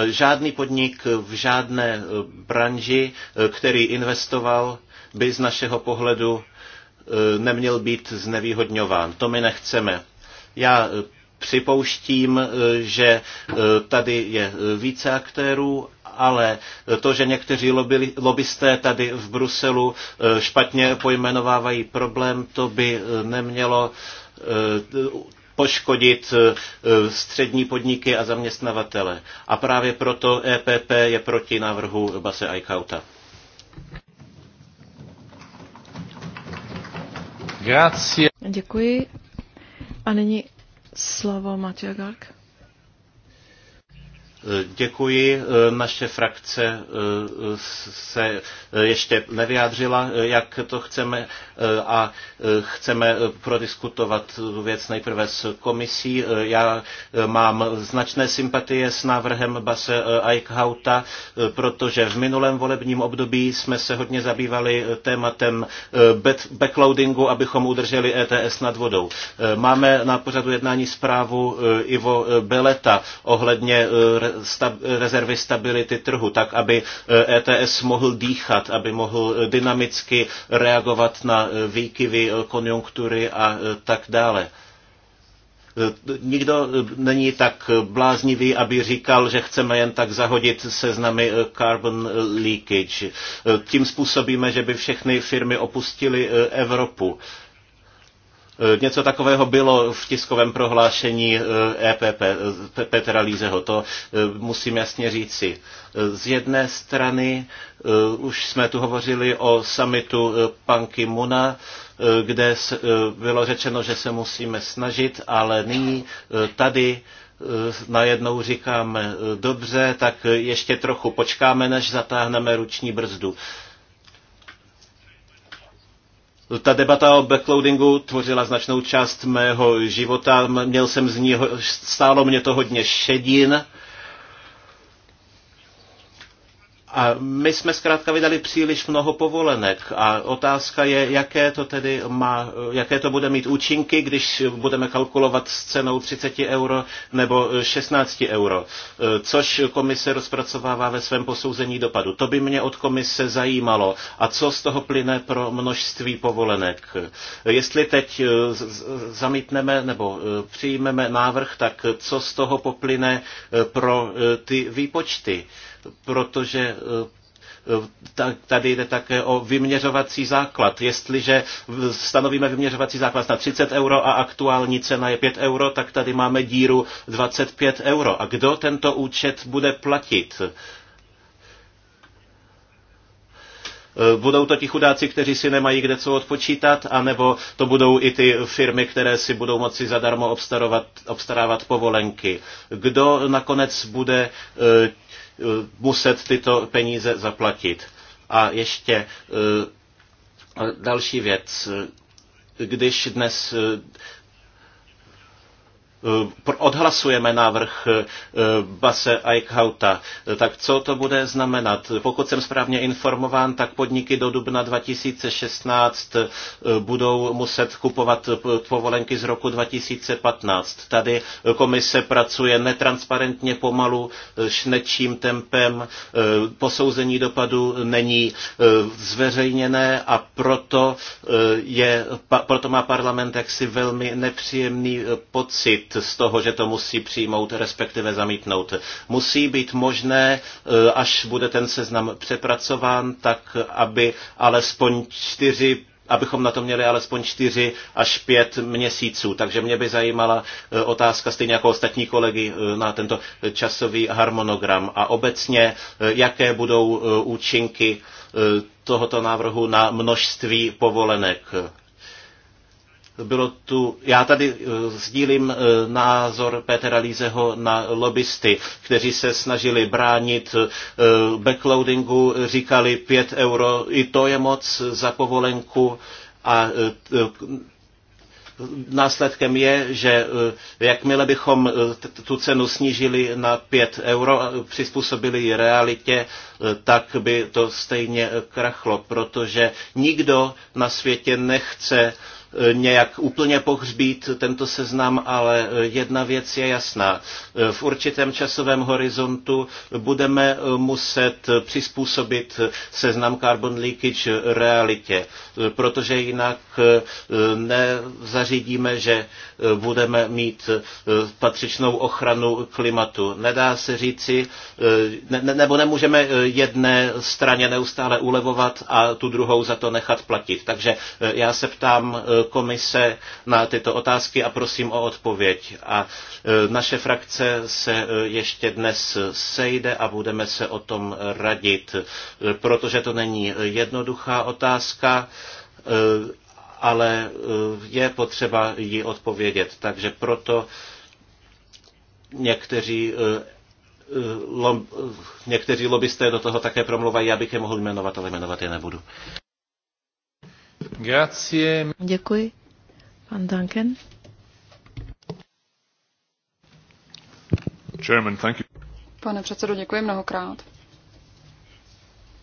Žádný podnik v žádné branži, který investoval, by z našeho pohledu neměl být znevýhodňován. To my nechceme. Já připouštím, že tady je více aktérů ale to, že někteří lobbysté tady v Bruselu e, špatně pojmenovávají problém, to by e, nemělo e, poškodit střední podniky a zaměstnavatele. A právě proto EPP je proti návrhu Base Aikauta. Děkuji. A nyní slovo Matěja Gark. Děkuji. Naše frakce eh, se eh, ještě nevyjádřila, eh, jak to chceme a chceme prodiskutovat věc nejprve s komisí. Já mám značné sympatie s návrhem Base Eichhauta, protože v minulém volebním období jsme se hodně zabývali tématem backloadingu, abychom udrželi ETS nad vodou. Máme na pořadu jednání zprávu Ivo Beleta ohledně rezervy stability trhu, tak aby ETS eh, e mohl dýchat, aby mohl eh, dynamicky reagovat na eh, výkyvy konjunktury a tak dále. Nikdo není tak bláznivý, aby říkal, že chceme jen tak zahodit seznamy carbon leakage. Tím způsobíme, že by všechny firmy opustily Evropu Eh, něco takového bylo v tiskovém prohlášení EPP eh, e eh, Petra Lízeho. To musím jasně říci. Z jedné strany už jsme tu hovořili o samitu Panky Muna, kde bylo řečeno, že se musíme snažit, ale nyní tady najednou říkáme, dobře, tak ještě trochu počkáme, než zatáhneme ruční brzdu ta debata o backloadingu tvořila značnou část mého života, měl jsem z ní, stálo mě to hodně šedin, A my jsme zkrátka vydali příliš mnoho povolenek a otázka je, jaké to tedy má, jaké to bude mít účinky, když budeme kalkulovat s cenou 30 euro nebo 16 euro, což komise rozpracovává ve svém posouzení dopadu. To by mě od komise zajímalo. A co z toho plyne pro množství povolenek? Jestli teď eh, zamítneme nebo eh, přijmeme návrh, tak co z toho poplyne eh, pro ty výpočty? protože eh, eh, Tady jde také o vyměřovací základ. Jestliže stanovíme vyměřovací základ na 30 euro a aktuální cena je 5 euro, tak tady máme díru 25 euro. A kdo tento účet bude platit? Eh, budou to ti chudáci, kteří si nemají kde co odpočítat, anebo to budou i ty firmy, které si budou moci zadarmo obstarávat povolenky. Kdo nakonec bude Eh, muset tyto peníze zaplatit. A ještě eh, další věc. Když dnes eh, Eh, odhlasujeme návrh eh, Base Eichhauta, eh, tak co to bude znamenat? Pokud jsem správně informován, tak podniky do dubna 2016 budou muset kupovat povolenky z roku 2015. Tady komise pracuje netransparentně pomalu, šnečím tempem, posouzení dopadu není zveřejněné a proto, je, proto má parlament jaksi velmi nepříjemný pocit, z toho, že to musí přijmout, respektive zamítnout. Musí být možné, e, až bude ten seznam přepracován, tak aby alespoň čtyři abychom na to měli alespoň čtyři až pět měsíců. Takže mě by zajímala e, otázka stejně jako ostatní kolegy e, na tento časový harmonogram a obecně, jaké budou účinky tohoto návrhu na množství povolenek bylo tu, já tady eh, sdílím eh, názor Petra Lízeho na lobbysty, kteří se snažili bránit eh, backloadingu, říkali 5 euro, i to je moc za povolenku a následkem je, že jakmile bychom tu cenu snížili na 5 euro a přizpůsobili ji realitě, tak by to stejně krachlo, protože nikdo na světě nechce E, nějak úplně pohřbít tento seznam, ale e, jedna věc je jasná. E, v určitém časovém horizontu budeme muset přizpůsobit seznam carbon leakage realitě, protože jinak nezařídíme, že budeme mít patřičnou ochranu klimatu. Nedá se říci, ne, nebo nemůžeme jedné straně neustále ulevovat a tu druhou za to nechat platit. Takže já se ptám komise na tyto otázky a prosím o odpověď. A e, naše frakce se e, ještě dnes sejde a budeme se o tom radit, e, protože to není jednoduchá otázka ale je potřeba ji odpovědět. Takže proto někteří, lo, někteří lobbysté do toho také promluvají, abych je mohl jmenovat, ale jmenovat je nebudu. Děkuji. Pan Duncan. Chairman, thank you. Pane předsedo, děkuji mnohokrát.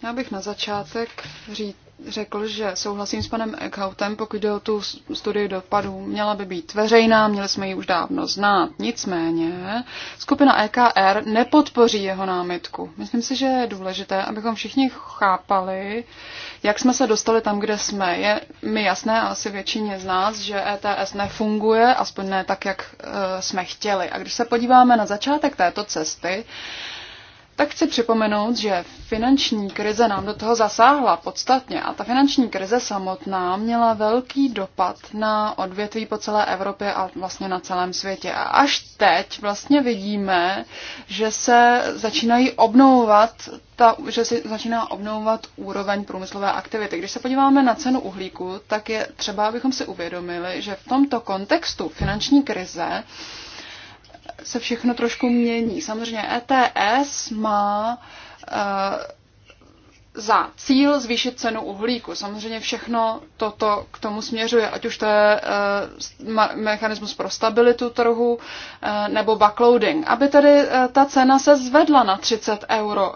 Já bych na začátek řík, řekl, že souhlasím s panem Eckhoutem, pokud jde o tu studii dopadů. Měla by být veřejná, měli jsme ji už dávno znát. Nicméně skupina EKR nepodpoří jeho námitku. Myslím si, že je důležité, abychom všichni chápali, jak jsme se dostali tam, kde jsme. Je mi jasné, a asi většině z nás, že ETS nefunguje, aspoň ne tak, jak uh, jsme chtěli. A když se podíváme na začátek této cesty, tak chci připomenout, že finanční krize nám do toho zasáhla podstatně a ta finanční krize samotná měla velký dopad na odvětví po celé Evropě a vlastně na celém světě. A až teď vlastně vidíme, že se začínají obnovovat ta, že se začíná obnovovat úroveň průmyslové aktivity. Když se podíváme na cenu uhlíku, tak je třeba, abychom si uvědomili, že v tomto kontextu finanční krize se všechno trošku mění. Samozřejmě ETS má eh, za cíl zvýšit cenu uhlíku. Samozřejmě všechno toto k tomu směřuje, ať už to je eh, mechanismus pro stabilitu trhu eh, nebo backloading. Aby tedy ta cena se zvedla na 30 euro.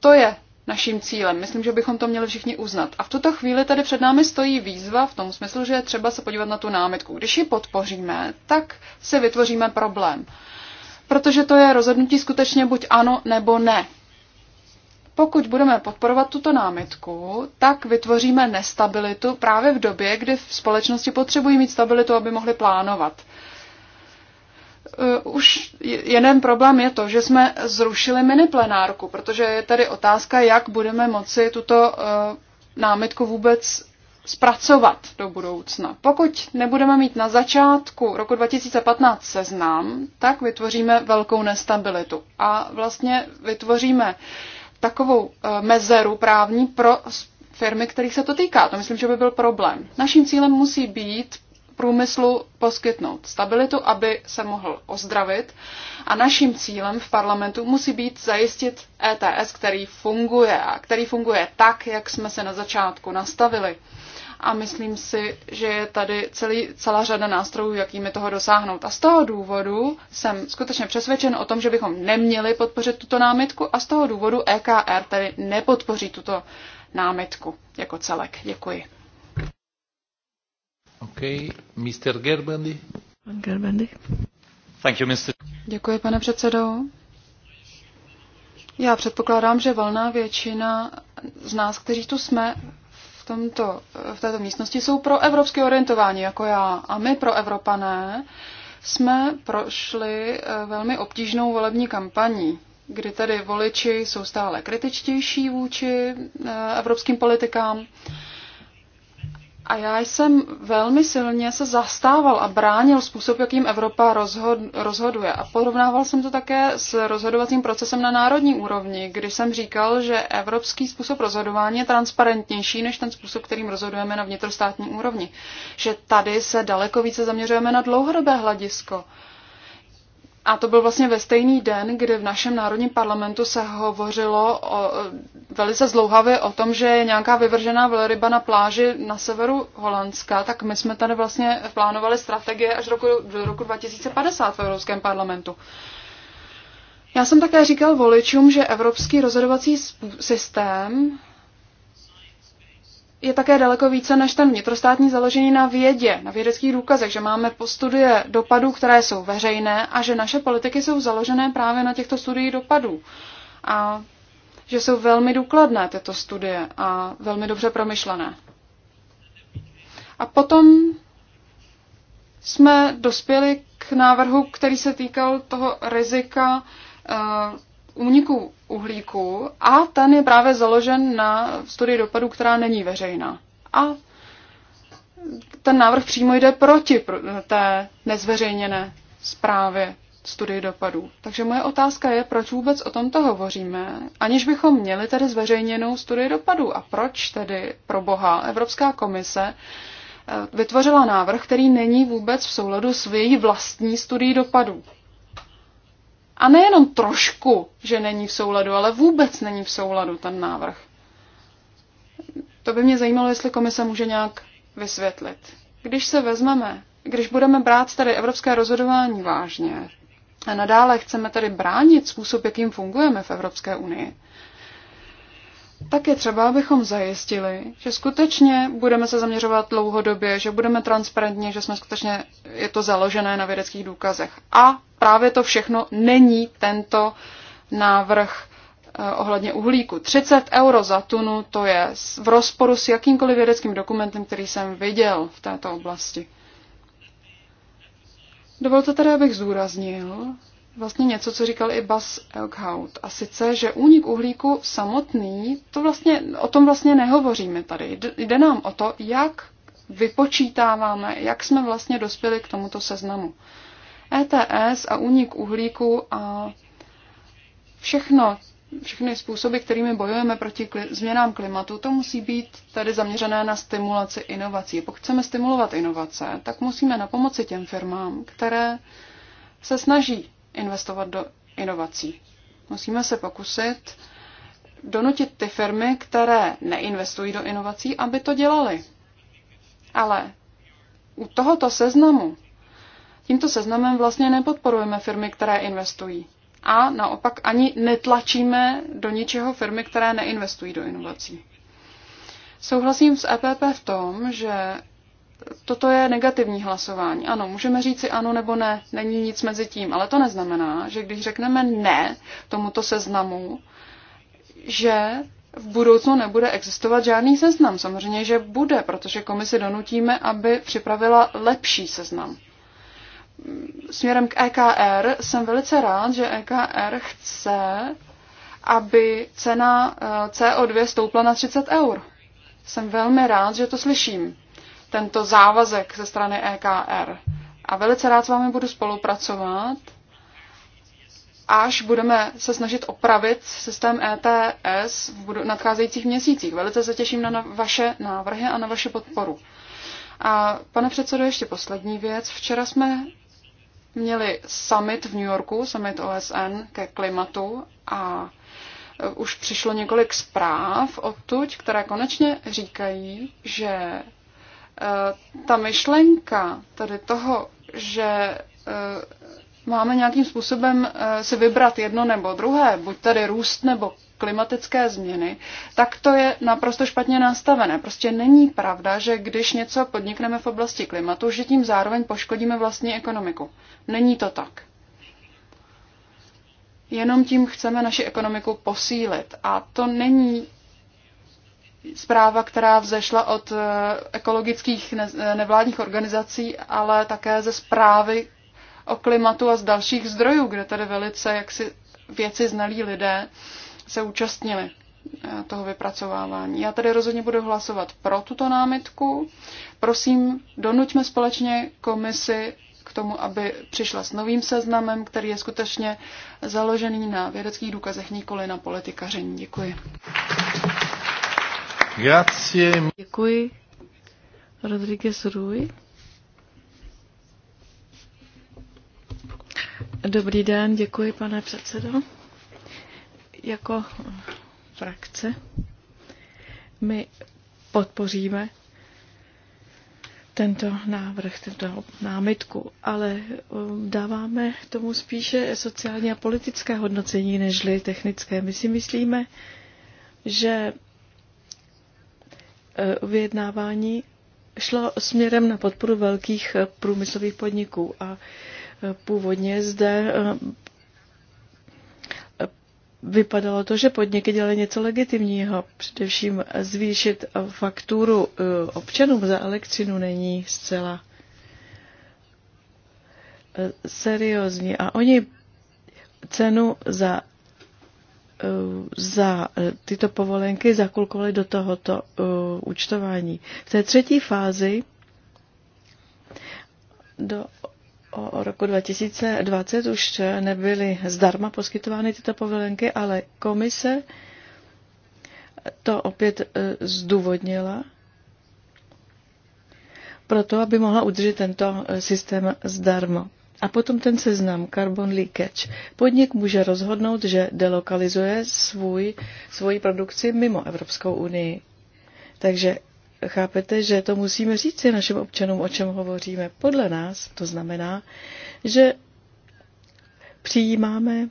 To je naším cílem. Myslím, že bychom to měli všichni uznat. A v tuto chvíli tady před námi stojí výzva v tom smyslu, že je třeba se podívat na tu námitku. Když ji podpoříme, tak si vytvoříme problém. Protože to je rozhodnutí skutečně buď ano nebo ne. Pokud budeme podporovat tuto námitku, tak vytvoříme nestabilitu právě v době, kdy v společnosti potřebují mít stabilitu, aby mohli plánovat. Eh, už jeden problém je to, že jsme zrušili miniplenárku, protože je tady otázka, jak budeme moci tuto eh, námitku vůbec zpracovat do budoucna. Pokud nebudeme mít na začátku roku 2015 seznám, tak vytvoříme velkou nestabilitu a vlastně vytvoříme takovou eh, mezeru právní pro firmy, kterých se to týká. To myslím, že by byl problém. Naším cílem musí být průmyslu poskytnout stabilitu, aby se mohl ozdravit. A naším cílem v parlamentu musí být zajistit ETS, který funguje a který funguje tak, jak jsme se na začátku nastavili. A myslím si, že je tady celý, celá řada nástrojů, jakými toho dosáhnout. A z toho důvodu jsem skutečně přesvědčen o tom, že bychom neměli podpořit tuto námitku a z toho důvodu EKR tedy nepodpoří tuto námitku jako celek. Děkuji. Okay. Mr. Gerbendy. Thank you, Mr. Děkuji, pane předsedo. Já předpokládám, že valná většina z nás, kteří tu jsme, v, tomto, v této místnosti jsou pro evropské orientování, jako já. A my pro Evropané jsme prošli eh, velmi obtížnou volební kampaní, kdy tedy voliči jsou stále kritičtější vůči eh, evropským politikám. A já jsem velmi silně se zastával a bránil způsob, jakým Evropa rozhod, rozhoduje. A porovnával jsem to také s rozhodovacím procesem na národní úrovni, když jsem říkal, že evropský způsob rozhodování je transparentnější než ten způsob, kterým rozhodujeme na vnitrostátní úrovni. Že tady se daleko více zaměřujeme na dlouhodobé hladisko. A to byl vlastně ve stejný den, kdy v našem národním parlamentu se hovořilo o, velice zlouhavě o tom, že je nějaká vyvržená velryba na pláži na severu Holandska, tak my jsme tady vlastně plánovali strategie až roku, do roku 2050 v Evropském parlamentu. Já jsem také říkal voličům, že evropský rozhodovací systém je také daleko více než ten vnitrostátní založený na vědě, na vědeckých důkazech, že máme po studie dopadů, které jsou veřejné a že naše politiky jsou založené právě na těchto studiích dopadů. A že jsou velmi důkladné tyto studie a velmi dobře promyšlené. A potom jsme dospěli k návrhu, který se týkal toho rizika uh, úniku uhlíku a ten je právě založen na studii dopadů, která není veřejná. A ten návrh přímo jde proti té nezveřejněné zprávě studii dopadů. Takže moje otázka je, proč vůbec o tomto hovoříme, aniž bychom měli tedy zveřejněnou studii dopadů a proč tedy pro boha Evropská komise eh, vytvořila návrh, který není vůbec v souladu s její vlastní studií dopadů. A nejenom trošku, že není v souladu, ale vůbec není v souladu ten návrh. To by mě zajímalo, jestli komise může nějak vysvětlit. Když se vezmeme, když budeme brát tady evropské rozhodování vážně a nadále chceme tady bránit způsob, jakým fungujeme v Evropské unii, tak je třeba, abychom zajistili, že skutečně budeme se zaměřovat dlouhodobě, že budeme transparentní, že jsme skutečně, je to založené na vědeckých důkazech. A právě to všechno není tento návrh eh, ohledně uhlíku. 30 euro za tunu, to je v rozporu s jakýmkoliv vědeckým dokumentem, který jsem viděl v této oblasti. Dovolte tedy, abych zdůraznil, vlastně něco, co říkal i Bas Elkhout. A sice, že únik uhlíku samotný, to vlastně, o tom vlastně nehovoříme tady. Jde nám o to, jak vypočítáváme, jak jsme vlastně dospěli k tomuto seznamu. ETS a únik uhlíku a všechno, všechny způsoby, kterými bojujeme proti kli- změnám klimatu, to musí být tady zaměřené na stimulaci inovací. Pokud chceme stimulovat inovace, tak musíme na pomoci těm firmám, které se snaží investovat do inovací. Musíme se pokusit donutit ty firmy, které neinvestují do inovací, aby to dělali. Ale u tohoto seznamu, tímto seznamem vlastně nepodporujeme firmy, které investují. A naopak ani netlačíme do ničeho firmy, které neinvestují do inovací. Souhlasím s EPP v tom, že toto je negativní hlasování. Ano, můžeme říci ano nebo ne, není nic mezi tím, ale to neznamená, že když řekneme ne tomuto seznamu, že v budoucnu nebude existovat žádný seznam. Samozřejmě, že bude, protože komisi donutíme, aby připravila lepší seznam. Směrem k EKR jsem velice rád, že EKR chce, aby cena eh, CO2 stoupla na 30 eur. Jsem velmi rád, že to slyším tento závazek ze strany EKR. A velice rád s vámi budu spolupracovat, až budeme se snažit opravit systém ETS v nadcházejících měsících. Velice se těším na vaše návrhy a na vaši podporu. A pane předsedo, ještě poslední věc. Včera jsme měli summit v New Yorku, summit OSN ke klimatu a e, už přišlo několik zpráv odtuď, které konečně říkají, že Eh, ta myšlenka tady toho, že eh, máme nějakým způsobem eh, si vybrat jedno nebo druhé, buď tady růst nebo klimatické změny, tak to je naprosto špatně nastavené. Prostě není pravda, že když něco podnikneme v oblasti klimatu, že tím zároveň poškodíme vlastní ekonomiku. Není to tak. Jenom tím chceme naši ekonomiku posílit. A to není zpráva, která vzešla od eh, ekologických eh, nevládních organizací, ale také ze zprávy o klimatu a z dalších zdrojů, kde tady velice jaksi věci znalí lidé se účastnili eh, toho vypracovávání. Já tady rozhodně budu hlasovat pro tuto námitku. Prosím, donuťme společně komisi k tomu, aby přišla s novým seznamem, který je skutečně založený na vědeckých důkazech, nikoli na politikaření. Děkuji. Děkuji. Rodriguez Rui. Dobrý den, děkuji, pane předsedo. Jako frakce my podpoříme tento návrh, tento námitku, ale um, dáváme tomu spíše sociálně a politické hodnocení nežli technické. My si myslíme, že Eh, vyjednávání šlo směrem na podporu velkých eh, průmyslových podniků a eh, původně zde vypadalo to, že podniky dělají něco legitimního. Především zvýšit fakturu občanům za elektřinu není zcela seriózní. A oni cenu za Eh, za eh, tyto povolenky zakulkovali do tohoto eh, účtování. V té třetí fázi do o roku 2020 už nebyly zdarma poskytovány tyto povolenky, ale komise to opět zdůvodnila proto, aby mohla udržet tento systém zdarma. A potom ten seznam Carbon Leakage. Podnik může rozhodnout, že delokalizuje svůj, svoji produkci mimo Evropskou unii. Takže chápete, že to musíme říct si našim občanům, o čem hovoříme. Podle nás to znamená, že přijímáme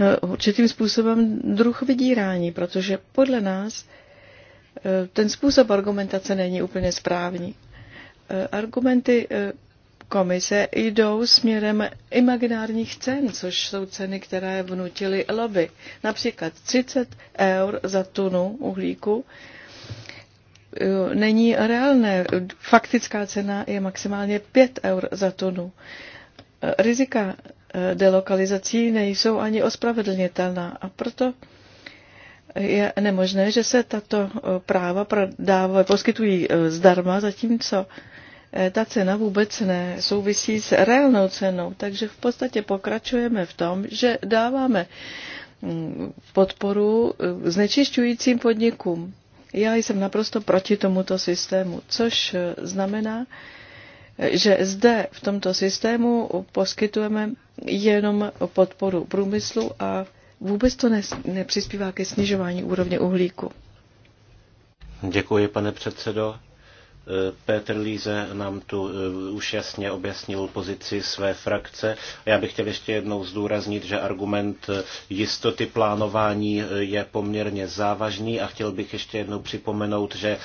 eh, určitým způsobem druh vydírání, protože podle nás eh, ten způsob argumentace není úplně správný. Eh, argumenty komise jdou směrem imaginárních cen, což jsou ceny, které vnutily lobby. Například 30 eur za tunu uhlíku eh, není reálné. Faktická cena je maximálně 5 eur za tunu. Eh, rizika eh, delokalizací nejsou ani ospravedlnitelná a proto je nemožné, že se tato práva prodávají, poskytují zdarma, zatímco Eh, ta cena vůbec nesouvisí s reálnou cenou. Takže v podstatě pokračujeme v tom, že dáváme mm, podporu eh, znečišťujícím podnikům. Já jsem naprosto proti tomuto systému, což eh, znamená, že zde v tomto systému poskytujeme jenom podporu průmyslu a vůbec to ne, nepřispívá ke snižování úrovně uhlíku. Děkuji, pane předsedo. Petr Líze nám tu eh, už jasně objasnil pozici své frakce. Já bych chtěl ještě jednou zdůraznit, že argument eh, jistoty plánování eh, je poměrně závažný a chtěl bych ještě jednou připomenout, že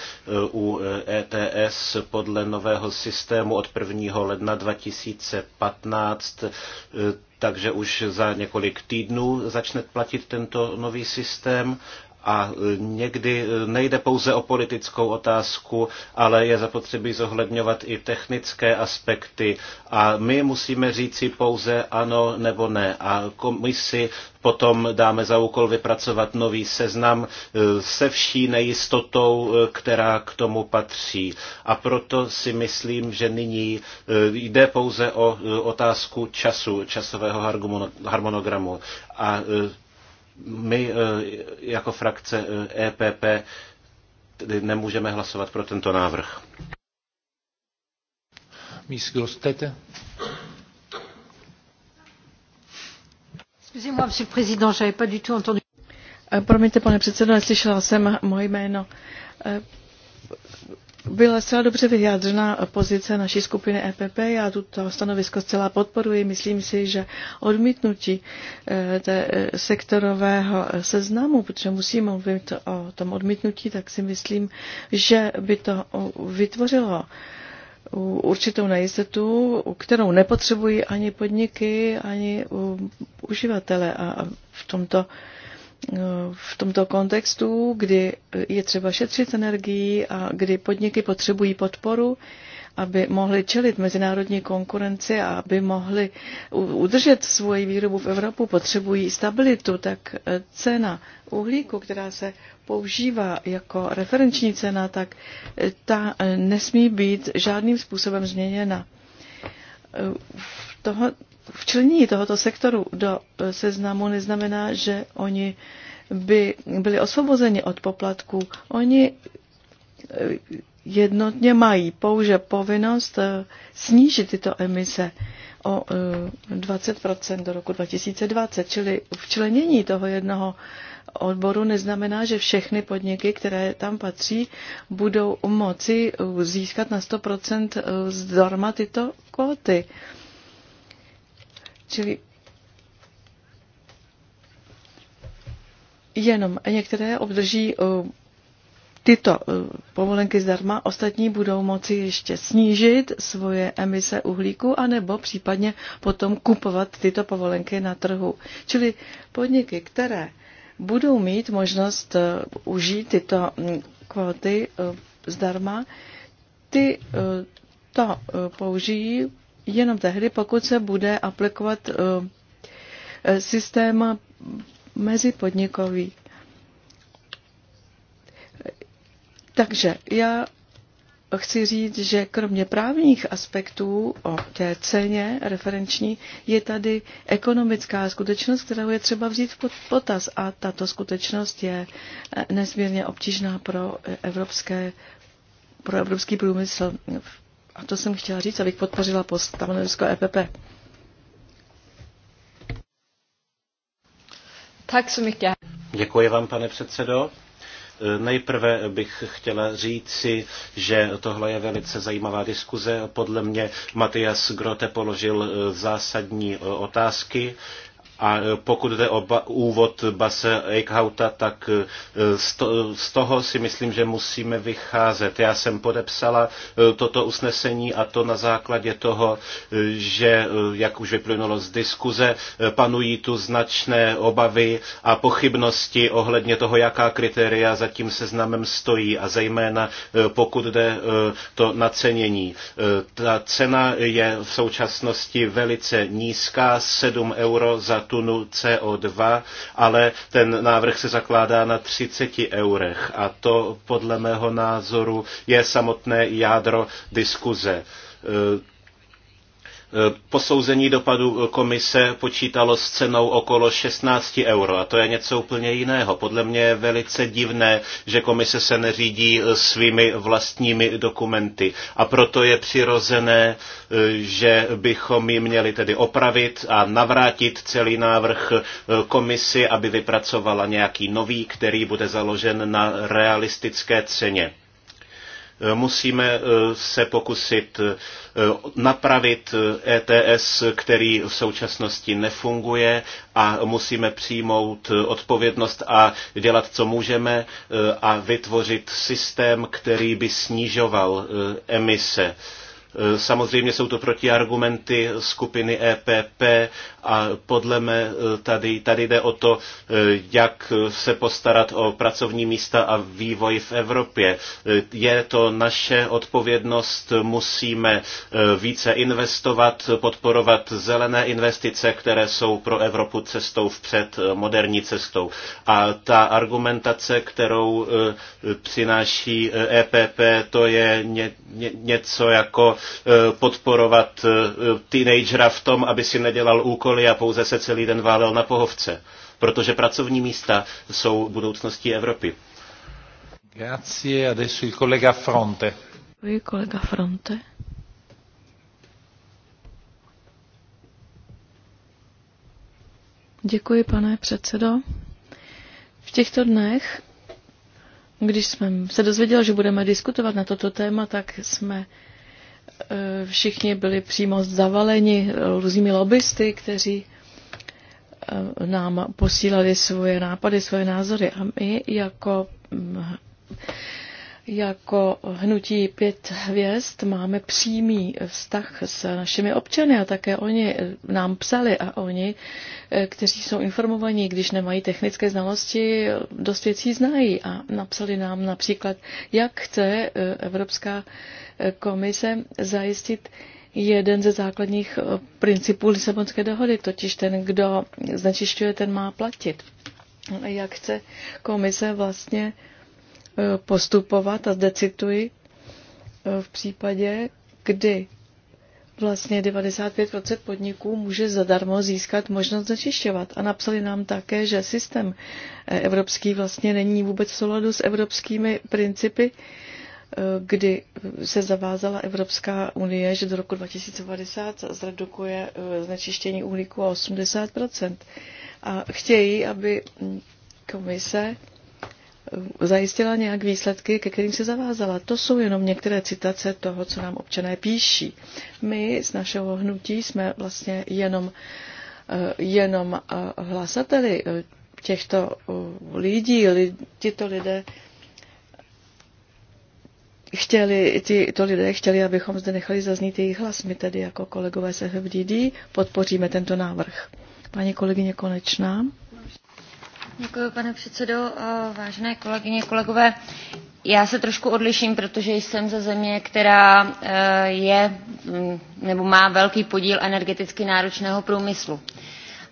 u ETS e podle nového systému od 1. ledna 2015 takže už za několik týdnů začne platit tento nový systém a e, někdy e, nejde pouze o politickou otázku, ale je zapotřebí zohledňovat i technické aspekty. A my musíme říci pouze ano nebo ne. A komisi potom dáme za úkol vypracovat nový seznam e, se vší nejistotou, která k tomu patří. A proto si myslím, že nyní jde pouze o otázku času, časového harmonogramu. A my eh, jako frakce EPP eh, e tedy nemůžeme hlasovat pro tento návrh. Miss Grostete. Excusez-moi, eh, Promiňte, pane předsedo, neslyšela jsem moje jméno byla zcela dobře vyjádřena pozice naší skupiny EPP. Já tuto stanovisko zcela podporuji. Myslím si, že odmítnutí eh, té eh, sektorového eh, seznamu, protože musíme mluvit o tom odmítnutí, tak si myslím, že by to vytvořilo určitou nejistotu, kterou nepotřebují ani podniky, ani uživatele. A v tomto v tomto kontextu, kdy je třeba šetřit energii a kdy podniky potřebují podporu, aby mohly čelit mezinárodní konkurenci a aby mohly udržet svoji výrobu v Evropu, potřebují stabilitu, tak eh, cena uhlíku, která se používá jako referenční cena, tak eh, ta eh, nesmí být žádným způsobem změněna. V toho, včlenění tohoto sektoru do eh, seznamu neznamená, že oni by byli osvobozeni od poplatků. Oni eh, jednotně mají pouze povinnost eh, snížit tyto emise o 20 do roku 2020. Čili včlenění toho jednoho odboru neznamená, že všechny podniky, které tam patří, budou moci získat na 100 zdarma tyto kvóty. Čili jenom některé obdrží eh, tyto eh, povolenky zdarma, ostatní budou moci ještě snížit svoje emise uhlíku, anebo případně potom kupovat tyto povolenky na trhu. Čili podniky, které budou mít možnost eh, užít tyto mm, kvóty zdarma, ty to použijí jenom tehdy, pokud se bude aplikovat eh, systém mezipodnikový. Takže já chci říct, že kromě právních aspektů o té ceně referenční je tady ekonomická skutečnost, kterou je třeba vzít v potaz a tato skutečnost je eh, nesmírně obtížná pro eh, evropské pro evropský průmysl v a to jsem chtěla říct, abych podpořila postanovisko EPP. Tak se mi Děkuji vám, pane předsedo. Nejprve bych chtěla říci, že tohle je velice zajímavá diskuze. Podle mě Matias Grote položil eh, zásadní eh, otázky a e, pokud jde o ba- úvod Base Eichhauta, tak z, e, to- z toho si myslím, že musíme vycházet. Já jsem podepsala e, toto usnesení a to na základě toho, že, jak už vyplynulo z diskuze, panují tu značné obavy a pochybnosti ohledně toho, jaká kritéria za tím seznamem stojí a zejména pokud jde to nacenění. Ta cena je v současnosti velice nízká, 7 euro za tunu CO2, ale ten návrh se zakládá na 30 eurech a to podle mého názoru je samotné jádro diskuze e, Eh, posouzení dopadu eh, komise počítalo s cenou okolo 16 euro a to je něco úplně jiného. Podle mě je velice divné, že komise se neřídí eh, svými vlastními dokumenty a proto je přirozené, že bychom ji měli tedy opravit a navrátit celý návrh komisi, aby vypracovala nějaký nový, který bude založen na realistické ceně. Musíme eh, se pokusit eh, napravit ETS, eh, e který v současnosti nefunguje a musíme přijmout odpovědnost a dělat, co můžeme a vytvořit systém, který by snižoval emise Eh, samozřejmě jsou to protiargumenty skupiny EPP a podle mé eh, tady, tady jde o to, eh, jak se postarat o pracovní místa a vývoj v Evropě. Je to naše odpovědnost, musíme více investovat, podporovat zelené investice, které jsou pro Evropu cestou vpřed, moderní cestou. A ta argumentace, kterou přináší EPP, e to je ně, ně, něco jako Eh, podporovat eh, teenagera v tom, aby si nedělal úkoly a pouze se celý den válel na pohovce. Protože pracovní místa jsou budoucností Evropy. Grazie, adesso il collega Fronte. Děkuji, collega Fronte. Děkuji, pane předsedo. V těchto dnech, když jsme se dozvěděli, že budeme diskutovat na toto téma, tak jsme Eh, všichni byli přímo zavaleni různými lobbysty, kteří eh, nám posílali svoje nápady, svoje názory. A my jako hm, jako hnutí pět hvězd máme přímý vztah s našimi občany a také oni nám psali a oni, eh, kteří jsou informovaní, když nemají technické znalosti, dost věcí znají a napsali nám například, jak chce eh, Evropská eh, komise zajistit jeden ze základních principů Lisabonské dohody, totiž ten, kdo znečišťuje, ten má platit. Jak chce komise vlastně postupovat, a zde cituji, e, v případě, kdy vlastně 95% podniků může zadarmo získat možnost znečišťovat. A napsali nám také, že systém evropský vlastně není vůbec v souladu s evropskými principy, e, kdy se zavázala Evropská unie, že do roku 2050 zredukuje e, znečištění uhlíku o 80%. A chtějí, aby komise zajistila nějak výsledky, ke kterým se zavázala. To jsou jenom některé citace toho, co nám občané píší. My z našeho hnutí jsme vlastně jenom, eh, jenom eh, hlasateli eh, těchto lidí. Tito lidé chtěli, tyto to lidé chtěli, abychom zde nechali zaznít jejich hlas. My tedy jako kolegové se FFDD podpoříme tento návrh. Paní kolegyně Konečná. Děkuji, pane předsedo. Vážené kolegyně, kolegové, já se trošku odliším, protože jsem ze země, která eh, je mm, nebo má velký podíl energeticky náročného průmyslu.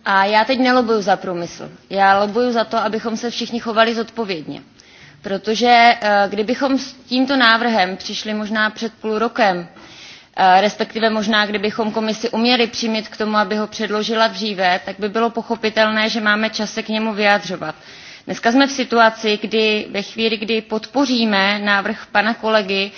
A já teď nelobuju za průmysl. Já lobuju za to, abychom se všichni chovali zodpovědně. Protože eh, kdybychom s tímto návrhem přišli možná před půl rokem, Eh, respektive možná kdybychom komisi uměli přimět k tomu aby ho předložila dříve tak by bylo pochopitelné že máme čas se k němu vyjadřovat. dneska jsme v situaci kdy ve chvíli kdy podpoříme návrh pana kolegy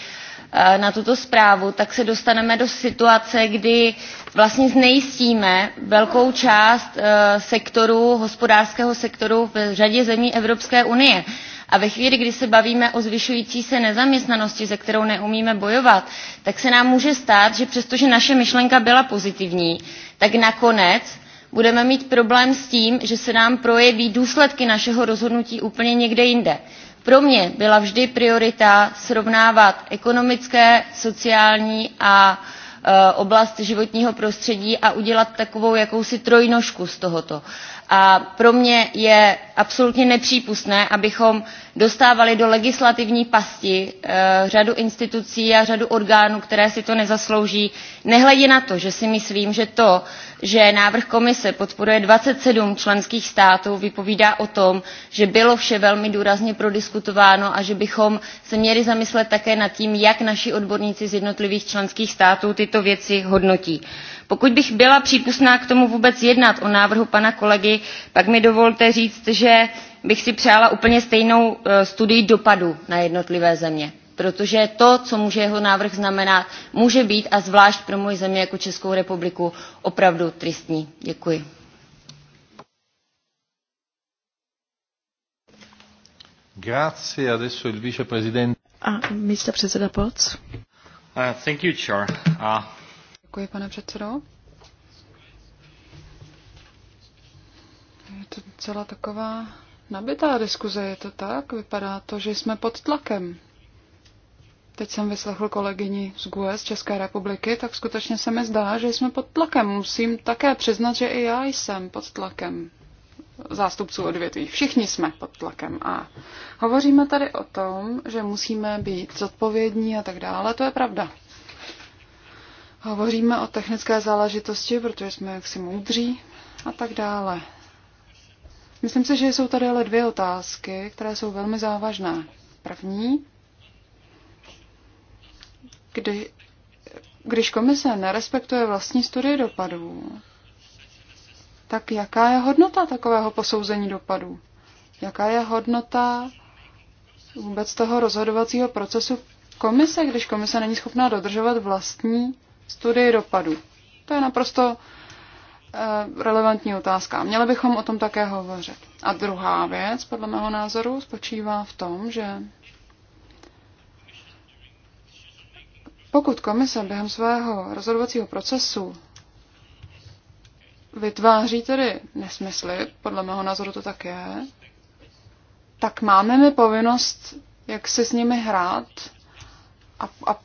eh, na tuto zprávu tak se dostaneme do situace kdy vlastně znejistíme velkou část eh, sektoru hospodářského sektoru v řadě zemí evropské unie. A ve chvíli, kdy se bavíme o zvyšující se nezaměstnanosti, se kterou neumíme bojovat, tak se nám může stát, že přestože naše myšlenka byla pozitivní, tak nakonec budeme mít problém s tím, že se nám projeví důsledky našeho rozhodnutí úplně někde jinde. Pro mě byla vždy priorita srovnávat ekonomické, sociální a e, oblast životního prostředí a udělat takovou jakousi trojnožku z tohoto. A pro mě je absolutně nepřípustné, abychom dostávali do legislativní pasti eh, řadu institucí a řadu orgánů, které si to nezaslouží, nehledě na to, že si myslím, že to, že návrh komise podporuje 27 členských států, vypovídá o tom, že bylo vše velmi důrazně prodiskutováno a že bychom se měli zamyslet také nad tím, jak naši odborníci z jednotlivých členských států tyto věci hodnotí. Uh, pokud bych byla přípustná k tomu vůbec jednat o návrhu pana kolegy, pak mi dovolte říct, že bych si přála úplně stejnou eh, studii dopadu na jednotlivé země protože to, co může jeho návrh znamenat, může být a zvlášť pro moji zemi jako Českou republiku opravdu tristní. Děkuji. Grazie, adesso il viceprezidente. Ah, Mr. President Uh, thank you, Chair. Uh, Děkuji, pane předsedo. Je to celá taková nabitá diskuze, je to tak? Vypadá to, že jsme pod tlakem. Teď jsem vyslechl kolegyni z GUE z České republiky, tak skutečně se mi zdá, že jsme pod tlakem. Musím také přiznat, že i já jsem pod tlakem zástupců odvětví. Všichni jsme pod tlakem a hovoříme tady o tom, že musíme být zodpovědní a tak dále. To je pravda hovoříme o technické záležitosti, protože jsme jaksi moudří a tak dále. Myslím si, že jsou tady ale dvě otázky, které jsou velmi závažné. První, kdy, když komise nerespektuje vlastní studii dopadů, tak jaká je hodnota takového posouzení dopadů? Jaká je hodnota vůbec toho rozhodovacího procesu komise, když komise není schopná dodržovat vlastní studii dopadu. To je naprosto eh, relevantní otázka. Měli bychom o tom také hovořit. A druhá věc, podle mého názoru, spočívá v tom, že pokud komise během svého rozhodovacího procesu vytváří tedy nesmysly, podle mého názoru to tak je, tak máme my povinnost, jak se s nimi hrát a, a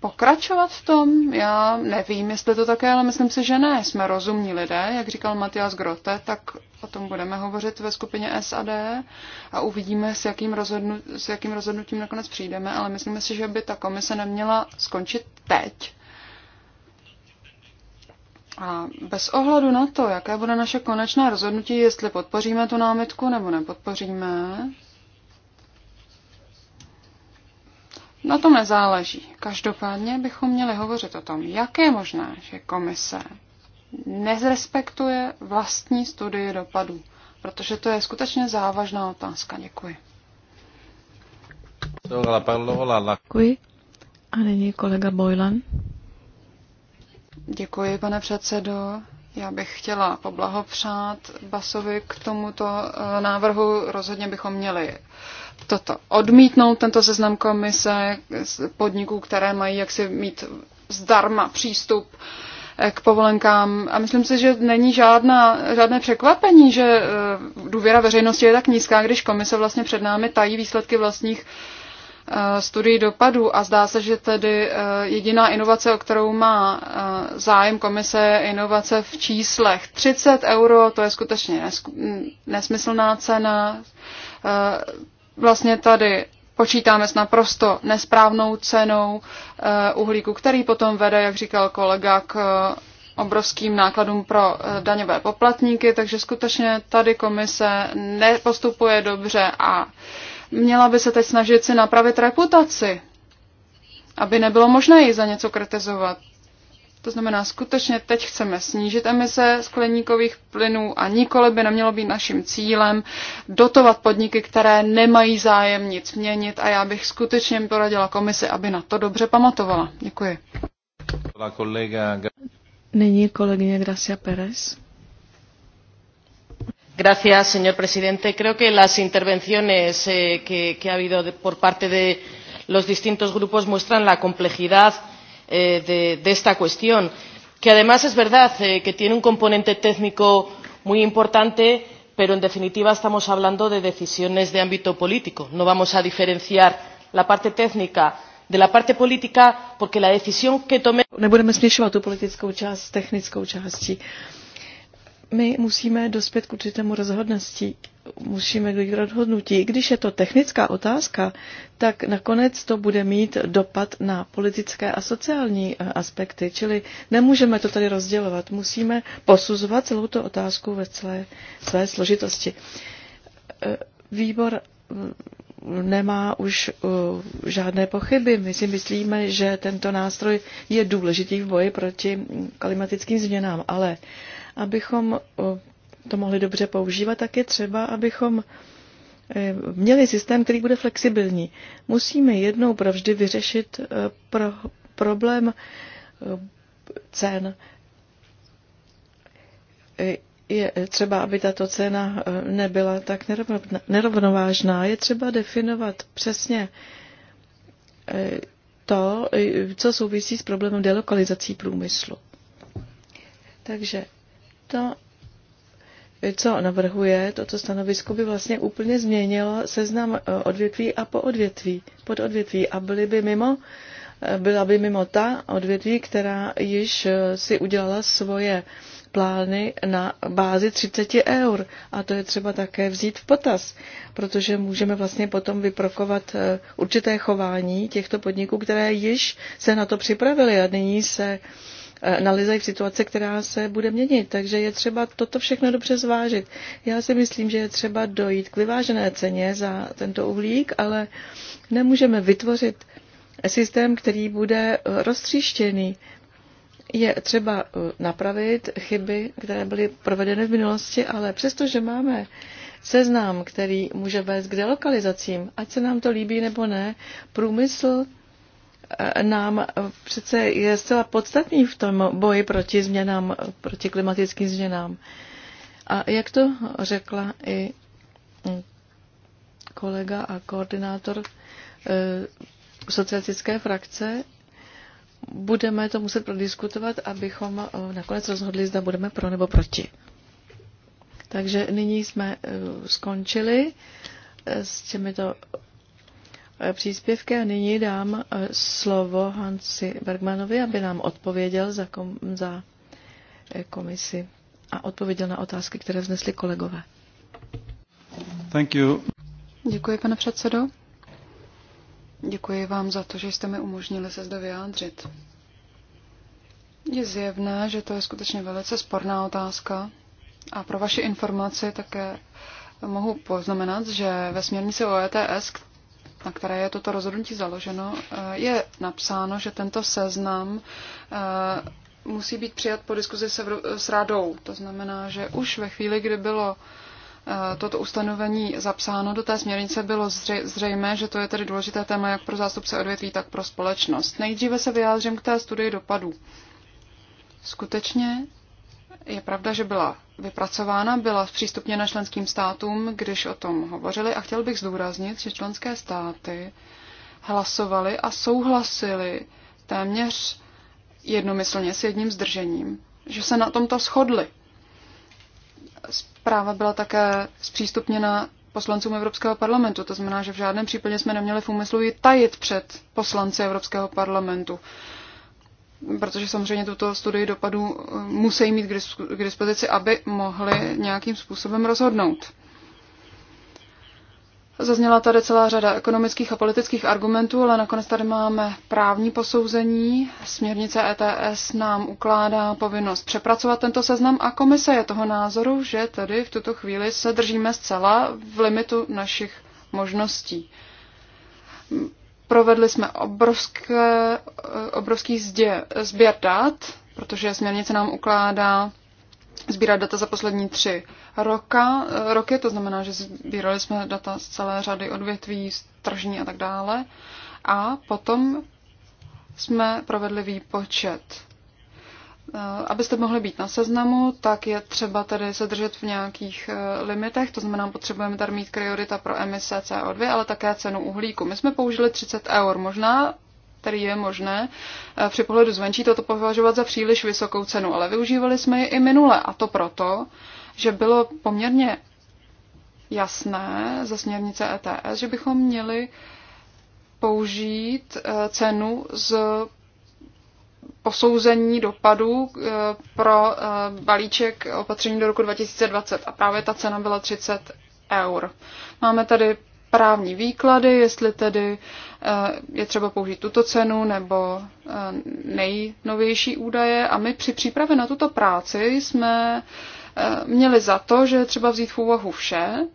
pokračovat v tom? Já nevím, jestli to také, ale myslím si, že ne. Jsme rozumní lidé, jak říkal Matias Grote, tak o tom budeme hovořit ve skupině SAD a uvidíme, s jakým, rozhodnu, s jakým rozhodnutím nakonec přijdeme, ale myslím si, že by ta komise neměla skončit teď. A bez ohledu na to, jaké bude naše konečné rozhodnutí, jestli podpoříme tu námitku nebo nepodpoříme, Na tom nezáleží. Každopádně bychom měli hovořit o tom, jak je možné, že komise nezrespektuje vlastní studii dopadů, protože to je skutečně závažná otázka. Děkuji. Děkuji. A nyní kolega Bojlan. Děkuji, pane předsedo. Já bych chtěla poblahopřát Basovi k tomuto eh, návrhu. Rozhodně bychom měli toto odmítnout, tento seznam komise podniků, které mají jaksi mít zdarma přístup eh, k povolenkám. A myslím si, že není žádná, žádné překvapení, že eh, důvěra veřejnosti je tak nízká, když komise vlastně před námi tají výsledky vlastních eh, studií dopadů a zdá se, že tedy jediná inovace, o kterou má zájem komise, je inovace v číslech. 30 euro, to je skutečně nesmyslná cena vlastně tady počítáme s naprosto nesprávnou cenou eh, uhlíku, který potom vede, jak říkal kolega, k eh, obrovským nákladům pro eh, daňové poplatníky, takže skutečně tady komise nepostupuje dobře a měla by se teď snažit si napravit reputaci, aby nebylo možné ji za něco kritizovat. To znamená, skutečně teď chceme snížit emise skleníkových plynů a nikoli by nemělo být naším cílem dotovat podniky, které nemají zájem nic měnit a já bych skutečně poradila komisi, aby na to dobře pamatovala. Děkuji. Nyní kolegyně Gracia Pérez. Gracias, señor presidente. Creo que las intervenciones eh, que, que ha habido de, por parte de los distintos grupos muestran la complejidad Eh, de, de esta cuestión que además es verdad eh, que tiene un componente técnico muy importante pero en definitiva estamos hablando de decisiones de ámbito político no vamos a diferenciar la parte técnica de la parte política porque la decisión que tome. Nebudeme směšovat tu politickou část s technickou částí. My musíme dospět k určitému rozhodnosti musíme dojít k rozhodnutí. Když je to technická otázka, tak nakonec to bude mít dopad na politické a sociální eh, aspekty, čili nemůžeme to tady rozdělovat. Musíme posuzovat celou tu otázku ve celé své složitosti. Eh, výbor mm, nemá už eh, žádné pochyby. My si myslíme, že tento nástroj je důležitý v boji proti klimatickým změnám, ale abychom to mohli dobře používat, tak je třeba, abychom eh, měli systém, který bude flexibilní. Musíme jednou provždy vyřešit eh, pro problém eh, cen. Je třeba, aby tato cena nebyla tak nerovnovážná. Je třeba definovat přesně to, co souvisí s problémem delokalizací průmyslu. Takže to co navrhuje, toto stanovisko by vlastně úplně změnilo seznam eh, odvětví a po odvětví, pod odvětví a byly by mimo, eh, byla by mimo ta odvětví, která již eh, si udělala svoje plány na bázi 30 eur. A to je třeba také vzít v potaz, protože můžeme vlastně potom vyprokovat určité chování těchto podniků, které již se na to připravili a nyní se uh, Eh, nalizají v situaci, která se bude měnit. Takže je třeba toto všechno dobře zvážit. Já si myslím, že je třeba dojít k vyvážené ceně za tento uhlík, ale nemůžeme vytvořit systém, který bude eh, roztříštěný. Je třeba eh, napravit chyby, které byly provedeny v minulosti, ale přestože máme seznam, který může vést k delokalizacím, ať se nám to líbí nebo ne, průmysl nám přece je zcela podstatný v tom boji proti změnám, proti klimatickým změnám. A jak to řekla i kolega a koordinátor e, socialistické frakce, budeme to muset prodiskutovat, abychom e, nakonec rozhodli, zda budeme pro nebo proti. Takže nyní jsme e, skončili s těmito Eh, příspěvky a nyní dám eh, slovo Hansi Bergmanovi, aby nám odpověděl za, kom, za eh, komisi a odpověděl na otázky, které vznesli kolegové. Thank you. Děkuji, pane předsedo. Děkuji vám za to, že jste mi umožnili se zde vyjádřit. Je zjevné, že to je skutečně velice sporná otázka. A pro vaši informaci také mohu poznamenat, že ve směrnici o ETS, na které je toto rozhodnutí založeno, eh, je napsáno, že tento seznam eh, musí být přijat po diskuzi s radou. To znamená, že už ve chvíli, kdy bylo eh, toto ustanovení zapsáno do té směrnice, bylo zřejmé, že to je tedy důležité téma jak pro zástupce odvětví, tak pro společnost. Nejdříve se vyjádřím k té studii dopadů. Skutečně je pravda, že byla vypracována, byla zpřístupněna členským státům, když o tom hovořili a chtěl bych zdůraznit, že členské státy hlasovali a souhlasili téměř jednomyslně s jedním zdržením, že se na tomto shodli. Zpráva byla také zpřístupněna poslancům Evropského parlamentu. To znamená, že v žádném případě jsme neměli v úmyslu ji tajit před poslanci Evropského parlamentu protože samozřejmě tuto studii dopadů eh, musí mít k dispozici, aby mohli nějakým způsobem rozhodnout. Zazněla tady celá řada ekonomických a politických argumentů, ale nakonec tady máme právní posouzení. Směrnice ETS nám ukládá povinnost přepracovat tento seznam a komise je toho názoru, že tady v tuto chvíli se držíme zcela v limitu našich možností. Provedli jsme obrovské, obrovský zdě, sběr dat, protože směrnice nám ukládá sbírat data za poslední tři roka, eh, roky, to znamená, že sbírali jsme data z celé řady odvětví, tržní a tak dále. A potom jsme provedli výpočet Eh, abyste mohli být na seznamu, tak je třeba tedy se držet v nějakých eh, limitech, to znamená, potřebujeme tady mít priorita pro emise CO2, ale také cenu uhlíku. My jsme použili 30 eur, možná který je možné eh, při pohledu zvenčí toto považovat za příliš vysokou cenu, ale využívali jsme ji i minule a to proto, že bylo poměrně jasné ze směrnice ETS, že bychom měli použít cenu z posouzení dopadů eh, pro eh, balíček opatření do roku 2020 a právě ta cena byla 30 eur. Máme tady právní výklady, jestli tedy eh, je třeba použít tuto cenu nebo nejnovější údaje a my při přípravě na tuto práci jsme měli za to, že je třeba vzít v úvahu vše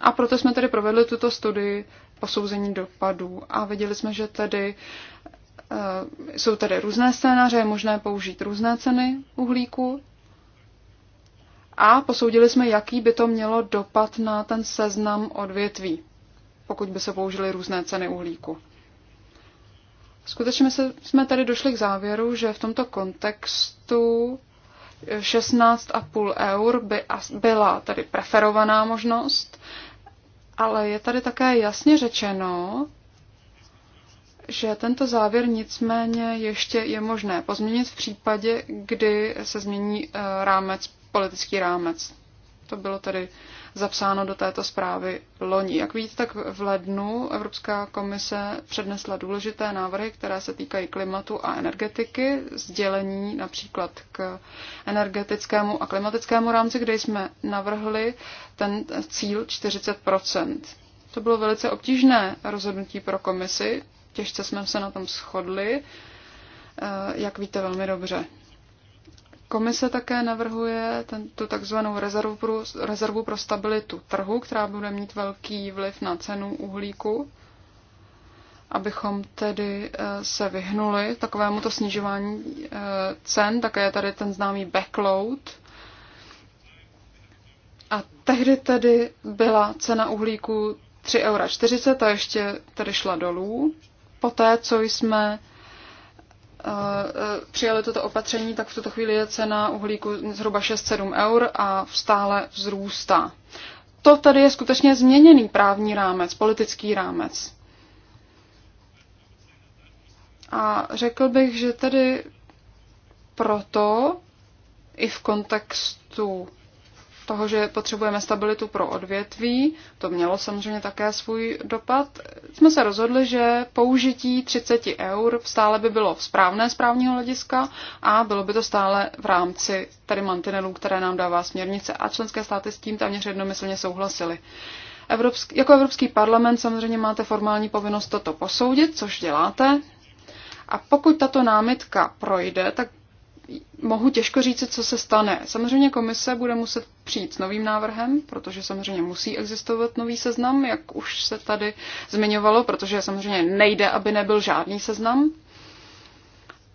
a proto jsme tedy provedli tuto studii posouzení dopadů a viděli jsme, že tedy Eh, jsou tady různé scénáře, je možné použít různé ceny uhlíku. A posoudili jsme, jaký by to mělo dopad na ten seznam odvětví, pokud by se použily různé ceny uhlíku. Skutečně jsme tady došli k závěru, že v tomto kontextu 16,5 eur by byla tady preferovaná možnost, ale je tady také jasně řečeno, že tento závěr nicméně ještě je možné pozměnit v případě, kdy se změní eh, rámec, politický rámec. To bylo tedy zapsáno do této zprávy loni. Jak víte, tak v lednu Evropská komise přednesla důležité návrhy, které se týkají klimatu a energetiky, sdělení například k energetickému a klimatickému rámci, kde jsme navrhli ten cíl 40 To bylo velice obtížné rozhodnutí pro komisi, těžce jsme se na tom shodli, eh, jak víte velmi dobře. Komise také navrhuje tu takzvanou rezervu pro, rezervu pro stabilitu trhu, která bude mít velký vliv na cenu uhlíku, abychom tedy eh, se vyhnuli takovému to snižování eh, cen. Také je tady ten známý backload. A tehdy tedy byla cena uhlíku 3,40 eura a ještě tedy šla dolů. Poté, co jsme eh, eh, přijali toto opatření, tak v tuto chvíli je cena uhlíku zhruba 6-7 eur a stále vzrůstá. To tady je skutečně změněný právní rámec, politický rámec. A řekl bych, že tedy proto i v kontextu toho, že potřebujeme stabilitu pro odvětví, to mělo samozřejmě také svůj dopad, jsme se rozhodli, že použití 30 eur stále by bylo správné správního hlediska a bylo by to stále v rámci tady mantinelů, které nám dává směrnice a členské státy s tím téměř jednomyslně souhlasily. Evropský, jako Evropský parlament samozřejmě máte formální povinnost toto posoudit, což děláte. A pokud tato námitka projde, tak mohu těžko říct, co se stane. Samozřejmě komise bude muset přijít s novým návrhem, protože samozřejmě musí existovat nový seznam, jak už se tady zmiňovalo, protože samozřejmě nejde, aby nebyl žádný seznam.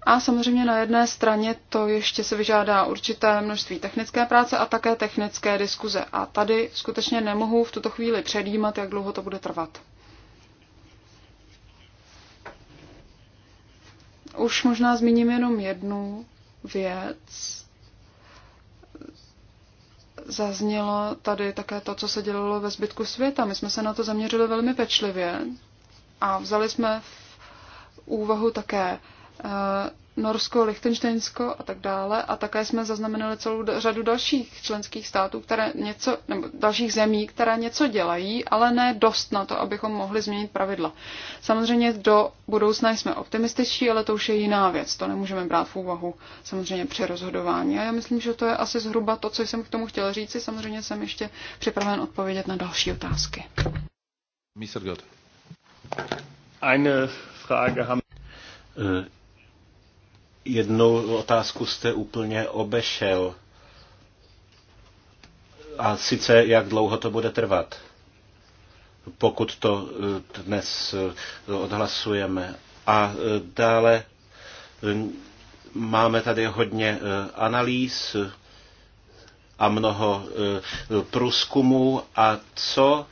A samozřejmě na jedné straně to ještě se vyžádá určité množství technické práce a také technické diskuze. A tady skutečně nemohu v tuto chvíli předjímat, jak dlouho to bude trvat. Už možná zmíním jenom jednu věc. Zaznělo tady také to, co se dělalo ve zbytku světa. My jsme se na to zaměřili velmi pečlivě a vzali jsme v úvahu také eh, Norsko, Lichtensteinsko a tak dále. A také jsme zaznamenali celou řadu dalších členských států, které něco, nebo dalších zemí, které něco dělají, ale ne dost na to, abychom mohli změnit pravidla. Samozřejmě do budoucna jsme optimističtí, ale to už je jiná věc. To nemůžeme brát v úvahu samozřejmě při rozhodování. A já myslím, že to je asi zhruba to, co jsem k tomu chtěl říci. Samozřejmě jsem ještě připraven odpovědět na další otázky. Mr. Eine Frage haben eh, Jednu otázku jste úplně obešel. A sice, jak dlouho to bude trvat, pokud to eh, dnes eh, odhlasujeme. A eh, dále máme tady hodně analýz a mnoho průzkumů a co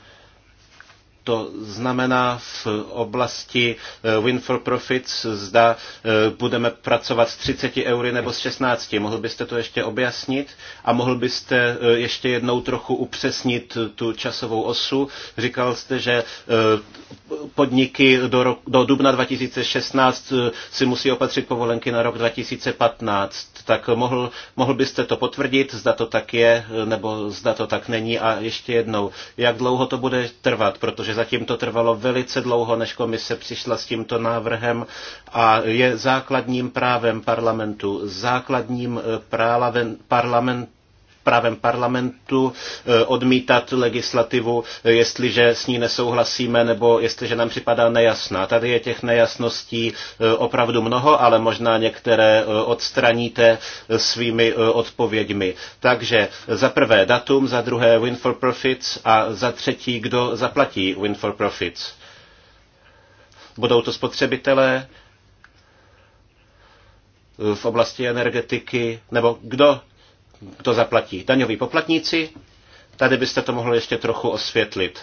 to znamená v oblasti eh, win for profits, zda eh, budeme pracovat s 30 eury nebo s 16. Mohl byste to ještě objasnit a mohl byste eh, ještě jednou trochu upřesnit tu časovou osu. Říkal jste, že podniky do, rok, do dubna 2016 si musí opatřit povolenky na rok 2015. Tak mohl, mohl byste to potvrdit, zda to tak je, nebo zda to tak není a ještě jednou, jak dlouho to bude trvat, protože zatím to trvalo velice dlouho, než komise přišla s tímto návrhem a je základním právem parlamentu, základním eh, právem parlament, právem parlamentu eh, odmítat legislativu, eh, jestliže s ní nesouhlasíme nebo jestliže nám připadá nejasná. Tady je těch nejasností eh, opravdu mnoho, ale možná některé odstraníte svými odpověďmi. Takže za prvé datum, za druhé win for profits a za třetí, kdo zaplatí win for profits. Budou to spotřebitelé v oblasti energetiky, nebo kdo to zaplatí? Daňoví poplatníci? Tady byste to mohli ještě trochu osvětlit,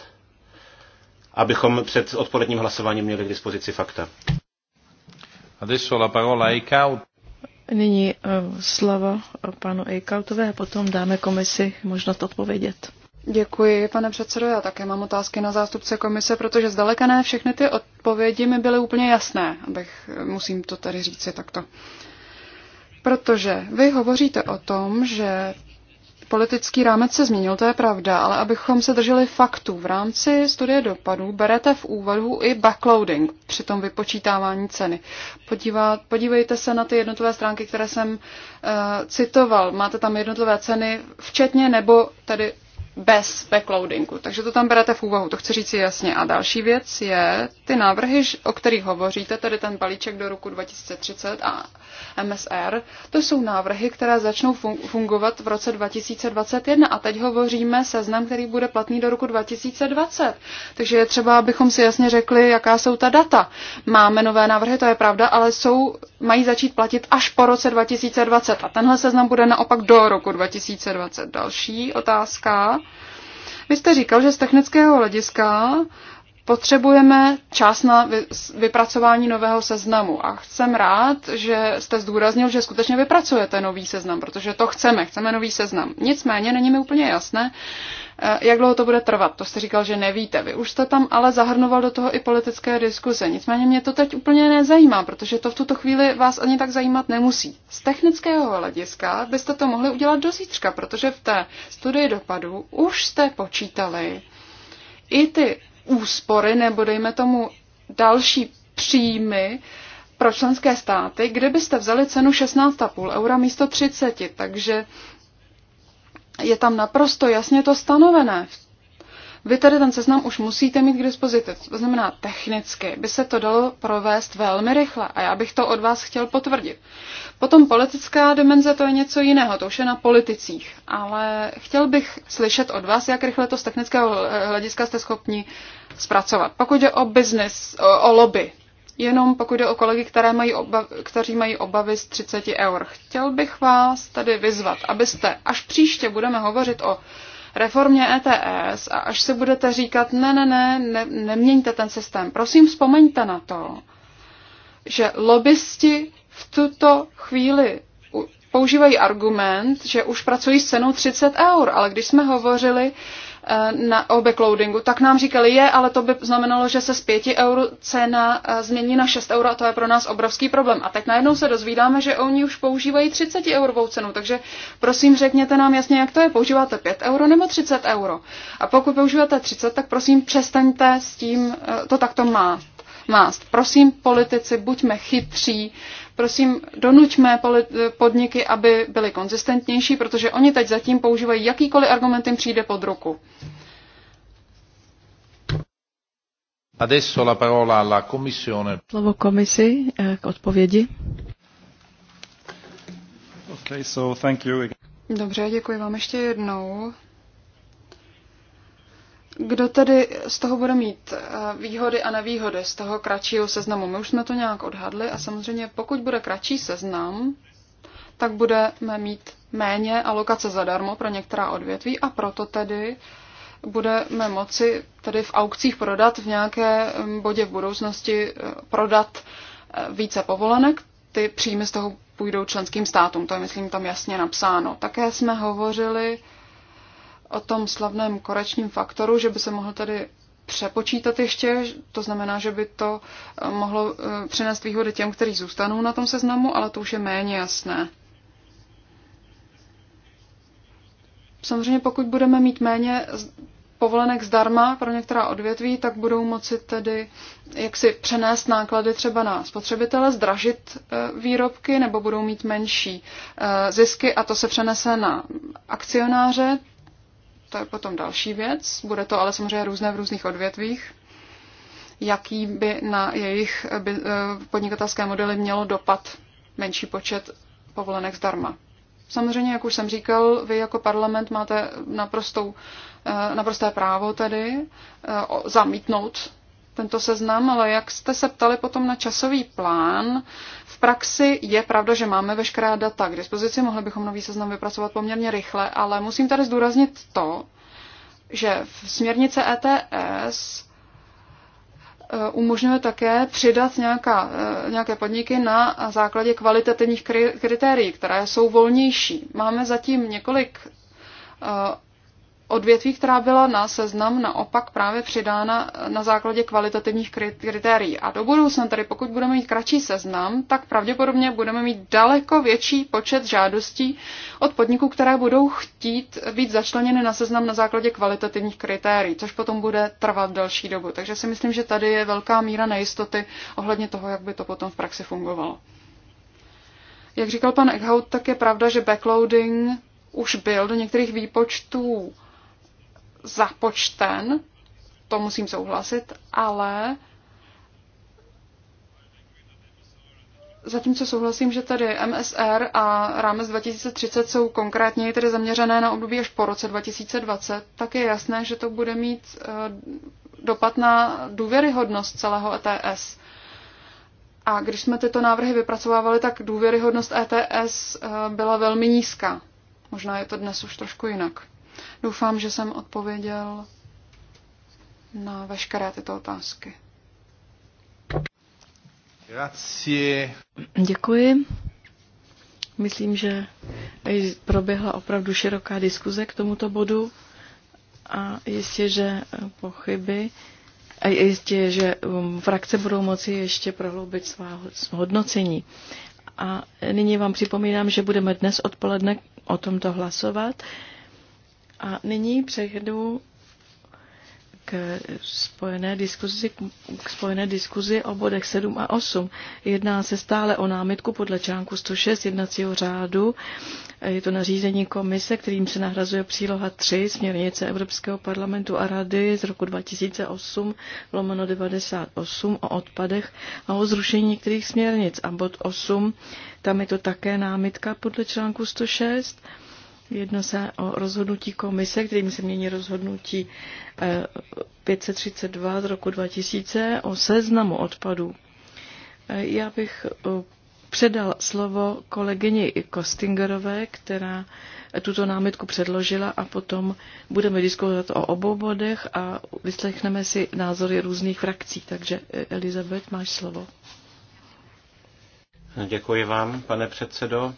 abychom před odpoledním hlasováním měli k dispozici fakta. Adesso la parola Eichaut. Nyní uh, eh, slava panu Eichautové a potom dáme komisi možnost odpovědět. Děkuji, pane předsedo. Já také mám otázky na zástupce komise, protože zdaleka ne všechny ty odpovědi mi byly úplně jasné, abych eh, musím to tady si takto. Uh, Protože vy hovoříte o tom, že politický rámec se změnil, to je pravda, ale abychom se drželi faktů, v rámci studie dopadů berete v úvahu i backloading při tom vypočítávání ceny. Podívat, podívejte se na ty jednotlivé stránky, které jsem uh, citoval. Máte tam jednotlivé ceny včetně nebo tedy bez backloadingu. Takže to tam berete v úvahu, to chci říct jasně. A další věc je ty návrhy, o kterých hovoříte, tedy ten balíček do roku 2030 a MSR. To jsou návrhy, které začnou fungovat v roce 2021 a teď hovoříme seznam, který bude platný do roku 2020. Takže je třeba, abychom si jasně řekli, jaká jsou ta data. Máme nové návrhy, to je pravda, ale jsou, mají začít platit až po roce 2020 a tenhle seznam bude naopak do roku 2020. Další otázka. Vy jste říkal, že z technického hlediska Potřebujeme čas na vypracování nového seznamu a jsem rád, že jste zdůraznil, že skutečně vypracujete nový seznam, protože to chceme, chceme nový seznam. Nicméně není mi úplně jasné, eh, jak dlouho to bude trvat. To jste říkal, že nevíte. Vy už jste tam ale zahrnoval do toho i politické diskuze. Nicméně mě to teď úplně nezajímá, protože to v tuto chvíli vás ani tak zajímat nemusí. Z technického hlediska byste to mohli udělat do zítřka, protože v té studii dopadu už jste počítali i ty úspory nebo dejme tomu další příjmy pro členské státy, kde byste vzali cenu 16,5 eura místo 30, takže je tam naprosto jasně to stanovené v vy tady ten seznam už musíte mít k dispozici, to znamená technicky by se to dalo provést velmi rychle a já bych to od vás chtěl potvrdit. Potom politická dimenze to je něco jiného, to už je na politicích, ale chtěl bych slyšet od vás, jak rychle to z technického hlediska jste schopni zpracovat. Pokud je o business, o, o lobby, jenom pokud jde o kolegy, které mají obav, kteří mají obavy z 30 eur. Chtěl bych vás tady vyzvat, abyste, až příště budeme hovořit o reformě ETS a až si budete říkat, ne, ne, ne, ne neměňte ten systém, prosím vzpomeňte na to, že lobbysti v tuto chvíli používají argument, že už pracují s cenou 30 eur, ale když jsme hovořili Eh, na, o backloadingu, tak nám říkali, je, ale to by znamenalo, že se z 5 eur cena eh, změní na 6 eur a to je pro nás obrovský problém. A teď najednou se dozvídáme, že oni už používají 30 eurovou cenu, takže prosím řekněte nám jasně, jak to je, používáte 5 euro nebo 30 euro. A pokud používáte 30, tak prosím přestaňte s tím, eh, to takto má mást. Prosím, politici, buďme chytří, Prosím, donuťme podniky, aby byly konzistentnější, protože oni teď zatím používají jakýkoliv argument, jim přijde pod ruku. Adesso la parola alla commissione. Slovo komisi eh, k odpovědi. Okay, so thank you. Dobře, děkuji vám ještě jednou kdo tedy z toho bude mít eh, výhody a nevýhody z toho kratšího seznamu? My už jsme to nějak odhadli a samozřejmě pokud bude kratší seznam, tak budeme mít méně alokace zadarmo pro některá odvětví a proto tedy budeme moci tedy v aukcích prodat v nějaké hm, bodě v budoucnosti eh, prodat eh, více povolenek, ty příjmy z toho půjdou členským státům. To je, myslím, tam jasně napsáno. Také jsme hovořili o tom slavném Korečním faktoru, že by se mohl tady přepočítat ještě, to znamená, že by to eh, mohlo eh, přinést výhody těm, kteří zůstanou na tom seznamu, ale to už je méně jasné. Samozřejmě pokud budeme mít méně povolenek zdarma pro některá odvětví, tak budou moci tedy jaksi přenést náklady třeba na spotřebitele, zdražit eh, výrobky nebo budou mít menší zisky a to se přenese na akcionáře, to je potom další věc. Bude to ale samozřejmě různé v různých odvětvích. Jaký by na jejich eh, podnikatelské modely mělo dopad menší počet povolenek zdarma? Samozřejmě, jak už jsem říkal, vy jako parlament máte naprostou, eh, naprosté právo tedy eh, zamítnout tento seznam, ale jak jste se ptali potom na časový plán, v praxi je pravda, že máme veškerá data k dispozici, mohli bychom nový seznam vypracovat poměrně rychle, ale musím tady zdůraznit to, že v směrnice ETS eh, umožňuje také přidat nějaká, eh, nějaké podniky na základě kvalitativních kritérií, které jsou volnější. Máme zatím několik eh, odvětví, která byla na seznam, naopak právě přidána na základě kvalitativních kritérií. A do budoucna tedy, pokud budeme mít kratší seznam, tak pravděpodobně budeme mít daleko větší počet žádostí od podniků, které budou chtít být začleněny na seznam na základě kvalitativních kritérií, což potom bude trvat další dobu. Takže si myslím, že tady je velká míra nejistoty ohledně toho, jak by to potom v praxi fungovalo. Jak říkal pan Eckhout, tak je pravda, že backloading už byl do některých výpočtů započten, to musím souhlasit, ale zatímco souhlasím, že tady MSR a rámec 2030 jsou konkrétně tedy zaměřené na období až po roce 2020, tak je jasné, že to bude mít eh, dopad na důvěryhodnost celého ETS. A když jsme tyto návrhy vypracovávali, tak důvěryhodnost ETS eh, byla velmi nízká. Možná je to dnes už trošku jinak. Doufám, že jsem odpověděl na veškeré tyto otázky. Grazie. Děkuji. Myslím, že proběhla opravdu široká diskuze k tomuto bodu a jistě, že pochyby a jistě, že um, frakce budou moci ještě prohloubit svá hodnocení. A nyní vám připomínám, že budeme dnes odpoledne o tomto hlasovat. A nyní přejdu k spojené diskuzi, k spojené diskuzi o bodech 7 a 8. Jedná se stále o námitku podle článku 106 jednacího řádu. Je to nařízení komise, kterým se nahrazuje příloha 3 směrnice Evropského parlamentu a rady z roku 2008 lomeno 98 o odpadech a o zrušení některých směrnic. A bod 8, tam je to také námitka podle článku 106 Jedno se o rozhodnutí komise, kterým se mění rozhodnutí 532 eh, z roku 2000 o seznamu odpadů. Eh, já bych eh, předal slovo kolegyni Kostingerové, která tuto námitku předložila a potom budeme diskutovat o obou bodech a vyslechneme si názory různých frakcí. Takže Elizabeth, máš slovo. Děkuji vám, pane předsedo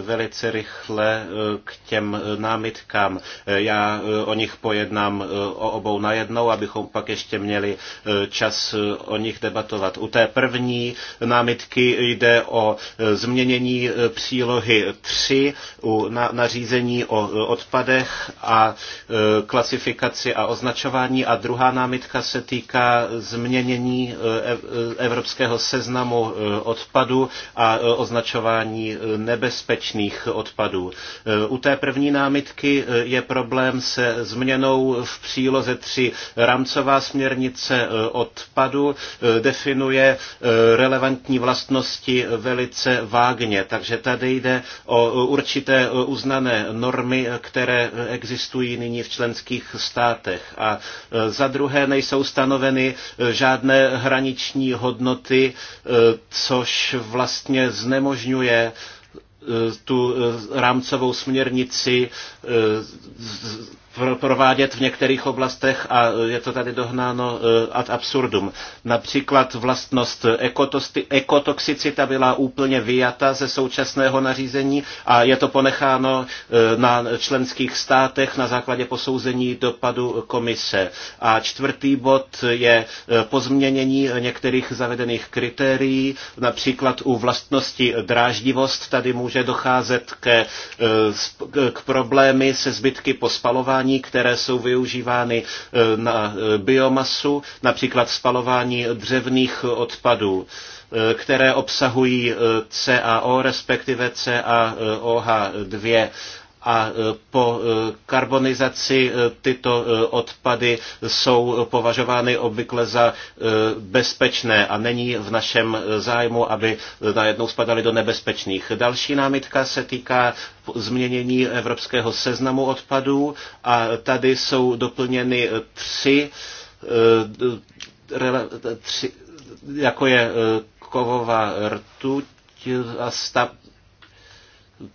velice rychle eh, k těm eh, námitkám. Eh, já o nich pojednám o obou najednou, abychom pak ještě měli čas o nich debatovat. U té první námitky jde o změnění přílohy 3 u nařízení o odpadech a klasifikaci a označování a druhá námitka se týká změnění evropského seznamu odpadu a označování nebezpečí nebezpečných odpadů. Eh, u té první námitky eh, je problém se změnou v příloze 3. Rámcová směrnice eh, odpadu definuje relevantní vlastnosti velice vágně, takže tady jde o určité uznané normy, které existují nyní v členských státech. A za druhé nejsou stanoveny žádné hraniční hodnoty, což vlastně znemožňuje Eh, tu eh, rámcovou směrnici eh, provádět v některých oblastech a je to tady dohnáno eh, ad absurdum. Například vlastnost ekotoxicita byla úplně vyjata ze současného nařízení a je to ponecháno eh, na členských státech na základě posouzení dopadu komise. A čtvrtý bod je eh, pozměnění některých zavedených kritérií, například u vlastnosti dráždivost tady může docházet ke, k problémy se zbytky po spalování spalování, které jsou využívány eh, na eh, biomasu, například spalování dřevných odpadů eh, které obsahují CaO, respektive CaOH2 a e, po e, karbonizaci e, tyto odpady jsou považovány obvykle za bezpečné a není v našem zájmu, aby najednou spadaly do nebezpečných. Další námitka se týká změnění evropského seznamu odpadů a tady jsou doplněny tři, tři jako je kovová rtuť, a stav,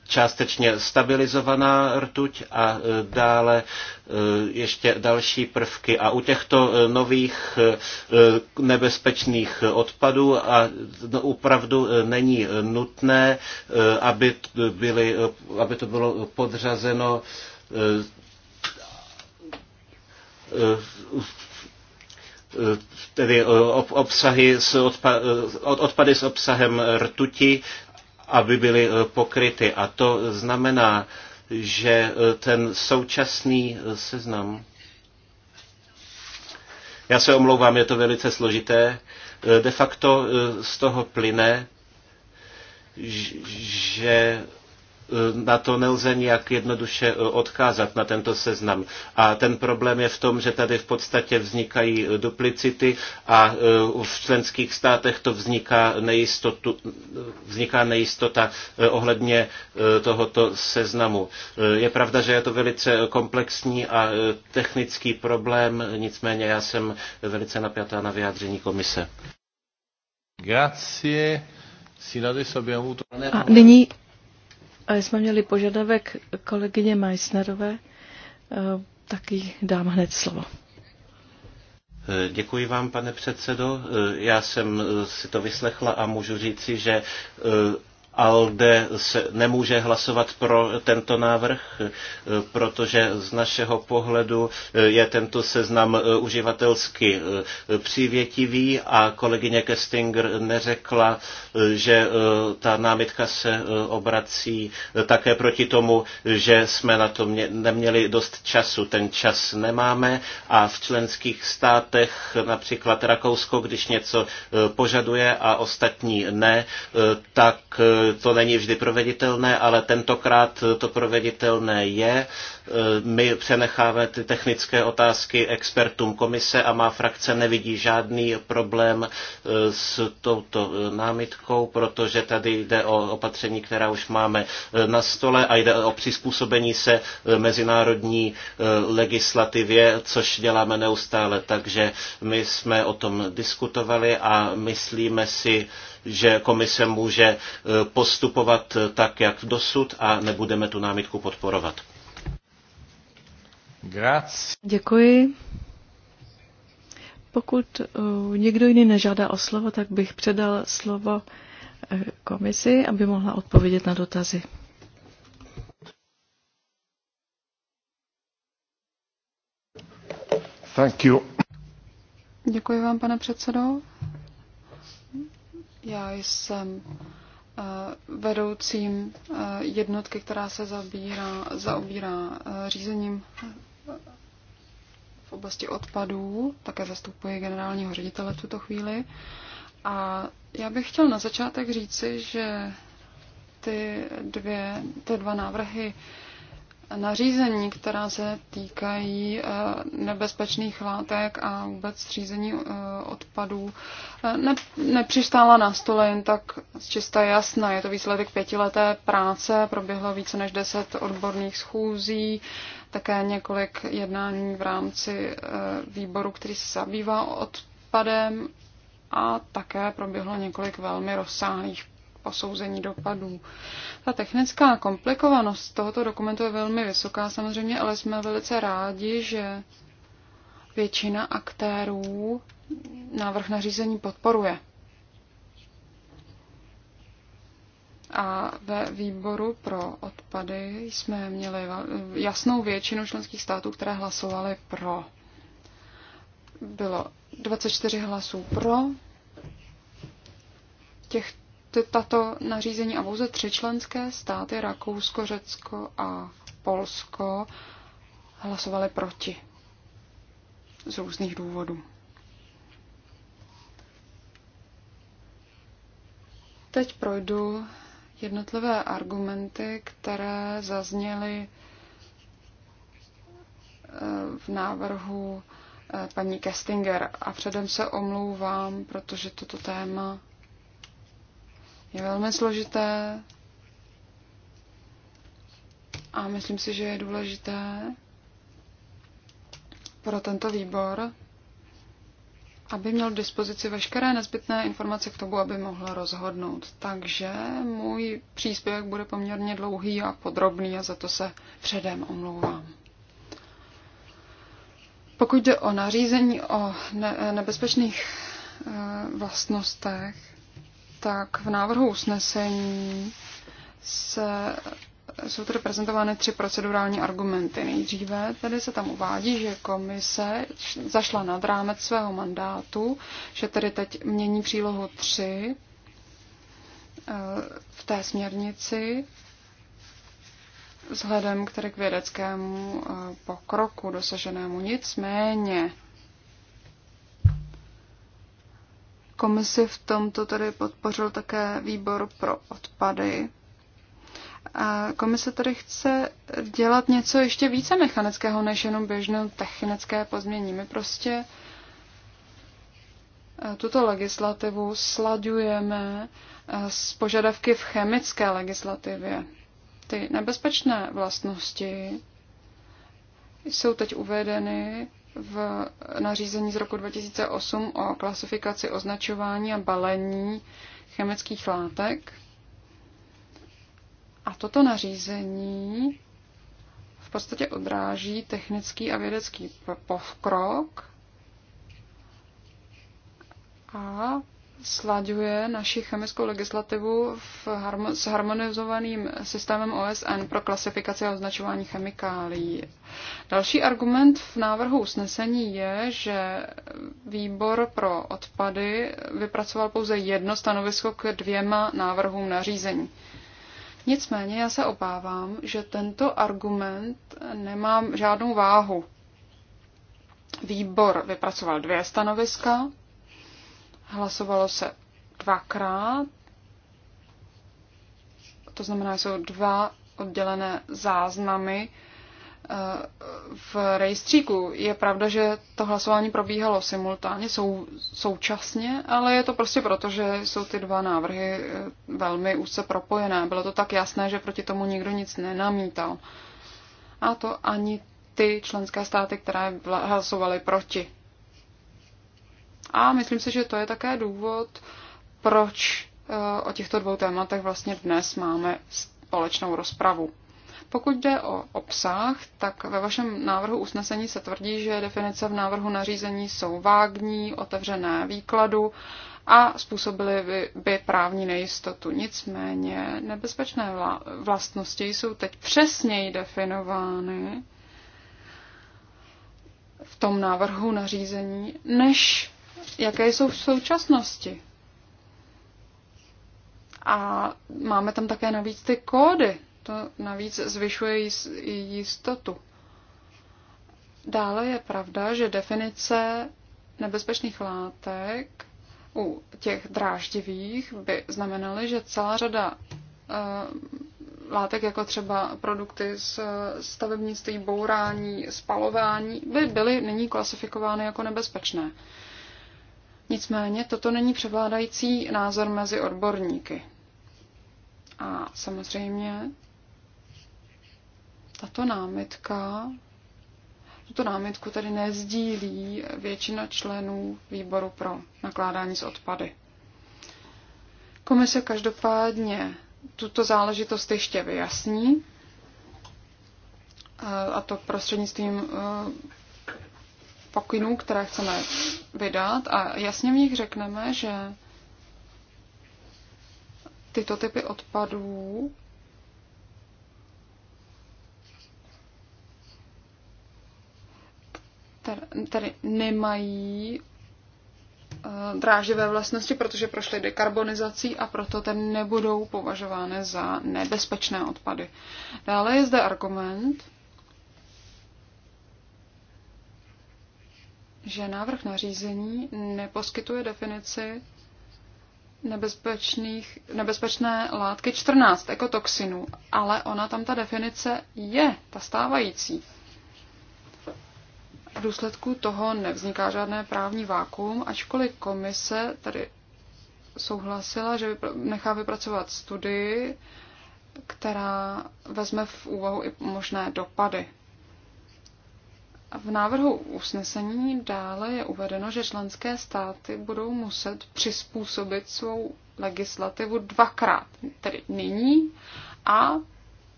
částečně stabilizovaná rtuť a e, dále e, ještě další prvky. A u těchto e, nových nebezpečných odpadů a no, opravdu není nutné, aby, byly, aby to bylo podřazeno tedy obsahy s odpa, odpady s obsahem rtuti aby byly eh, pokryty. A to znamená, že eh, ten současný eh, seznam. Já se omlouvám, je to velice složité. De facto z toho plyne, že Eh, na to nelze nijak jednoduše eh, odkázat na tento seznam. A ten problém je v tom, že tady v podstatě vznikají eh, duplicity a v členských státech to vzniká, nejistotu, vzniká nejistota ohledně tohoto seznamu. Je pravda, že je to velice komplexní a technický problém, nicméně já jsem velice napjatá na vyjádření komise. Grazie. A nyní jsme měli požadavek kolegyně Meissnerové, eh, tak jí dám hned slovo. Eh, děkuji vám, pane předsedo. Eh, já jsem si to vyslechla a můžu říci, že ALDE se nemůže hlasovat pro tento návrh, protože z našeho pohledu je tento seznam uživatelsky přívětivý a kolegyně Kestinger neřekla, že ta námitka se obrací také proti tomu, že jsme na to neměli dost času. Ten čas nemáme a v členských státech, například Rakousko, když něco požaduje a ostatní ne, tak to není vždy proveditelné, ale tentokrát to proveditelné je. My přenecháme ty technické otázky expertům komise a má frakce nevidí žádný problém s touto námitkou, protože tady jde o opatření, která už máme na stole a jde o přizpůsobení se mezinárodní legislativě, což děláme neustále. Takže my jsme o tom diskutovali a myslíme si, že komise může eh, postupovat tak, jak dosud a nebudeme tu námitku podporovat. Grazie. Děkuji. Pokud eh, někdo jiný nežádá o slovo, tak bych předal slovo eh, komisi, aby mohla odpovědět na dotazy. Thank you. Děkuji vám, pane předsedo. Já jsem eh, vedoucím eh, jednotky, která se zabírá, zaobírá eh, řízením v oblasti odpadů, také zastupuji generálního ředitele v tuto chvíli. A já bych chtěl na začátek říci, že ty, dvě, ty dva návrhy nařízení, která se týkají eh, nebezpečných látek a vůbec řízení eh, odpadů, eh, ne, nepřistála na stole jen tak čista jasná. Je to výsledek pětileté práce, proběhlo více než deset odborných schůzí, také několik jednání v rámci výboru, který se zabývá odpadem a také proběhlo několik velmi rozsáhlých posouzení dopadů. Ta technická komplikovanost tohoto dokumentu je velmi vysoká samozřejmě, ale jsme velice rádi, že většina aktérů návrh nařízení podporuje. A ve výboru pro odpady jsme měli jasnou většinu členských států, které hlasovaly pro. Bylo 24 hlasů pro těch tato nařízení a pouze tři členské státy, Rakousko, Řecko a Polsko, hlasovali proti z různých důvodů. Teď projdu jednotlivé argumenty, které zazněly eh, v návrhu eh, paní Kestinger. A předem se omlouvám, protože toto téma je velmi složité a myslím si, že je důležité pro tento výbor, aby měl k dispozici veškeré nezbytné informace k tomu, aby mohl rozhodnout. Takže můj příspěvek bude poměrně dlouhý a podrobný a za to se předem omlouvám. Pokud jde o nařízení o nebezpečných eh, vlastnostech, tak v návrhu usnesení se, jsou tedy prezentovány tři procedurální argumenty. Nejdříve tedy se tam uvádí, že komise zašla nad rámec svého mandátu, že tedy teď mění přílohu 3 eh, v té směrnici vzhledem k, k vědeckému eh, pokroku dosaženému. Nicméně Komisi v tomto tedy podpořil také výbor pro odpady. A komise tady chce dělat něco ještě více mechanického než jenom běžnou technické pozmění. My prostě eh, tuto legislativu slaďujeme eh, s požadavky v chemické legislativě. Ty nebezpečné vlastnosti jsou teď uvedeny v nařízení z roku 2008 o klasifikaci označování a balení chemických látek. A toto nařízení v podstatě odráží technický a vědecký pokrok a slaďuje naši chemickou legislativu v harmo- s harmonizovaným systémem OSN pro klasifikaci a označování chemikálií. Další argument v návrhu usnesení je, že výbor pro odpady vypracoval pouze jedno stanovisko k dvěma návrhům nařízení. Nicméně já se obávám, že tento argument nemá žádnou váhu. Výbor vypracoval dvě stanoviska Hlasovalo se dvakrát. To znamená, jsou dva oddělené záznamy eh, v rejstříku. Je pravda, že to hlasování probíhalo simultánně, sou, současně, ale je to prostě proto, že jsou ty dva návrhy eh, velmi úzce propojené. Bylo to tak jasné, že proti tomu nikdo nic nenamítal. A to ani ty členské státy, které hlasovaly proti. A myslím si, že to je také důvod, proč eh, o těchto dvou tématech vlastně dnes máme společnou rozpravu. Pokud jde o obsah, tak ve vašem návrhu usnesení se tvrdí, že definice v návrhu nařízení jsou vágní, otevřené výkladu a způsobily by právní nejistotu. Nicméně nebezpečné vlastnosti jsou teď přesněji definovány v tom návrhu nařízení, než jaké jsou v současnosti. A máme tam také navíc ty kódy. To navíc zvyšuje jistotu. Dále je pravda, že definice nebezpečných látek u těch dráždivých by znamenaly, že celá řada eh, látek, jako třeba produkty z eh, stavebnictví, bourání, spalování, by byly nyní klasifikovány jako nebezpečné. Nicméně toto není převládající názor mezi odborníky. A samozřejmě tato námitka, tuto námitku tedy nezdílí většina členů výboru pro nakládání s odpady. Komise každopádně tuto záležitost ještě vyjasní, a to prostřednictvím eh, pokynů, které chceme vydat a jasně v nich řekneme, že tyto typy odpadů tedy nemají eh, dráživé vlastnosti, protože prošly dekarbonizací a proto ten nebudou považovány za nebezpečné odpady. Dále je zde argument, že návrh nařízení neposkytuje definici nebezpečných, nebezpečné látky 14, ekotoxinů, ale ona tam ta definice je, ta stávající. V důsledku toho nevzniká žádné právní vákuum, ačkoliv komise tady souhlasila, že nechá vypracovat studii, která vezme v úvahu i možné dopady v návrhu usnesení dále je uvedeno, že členské státy budou muset přizpůsobit svou legislativu dvakrát, tedy nyní a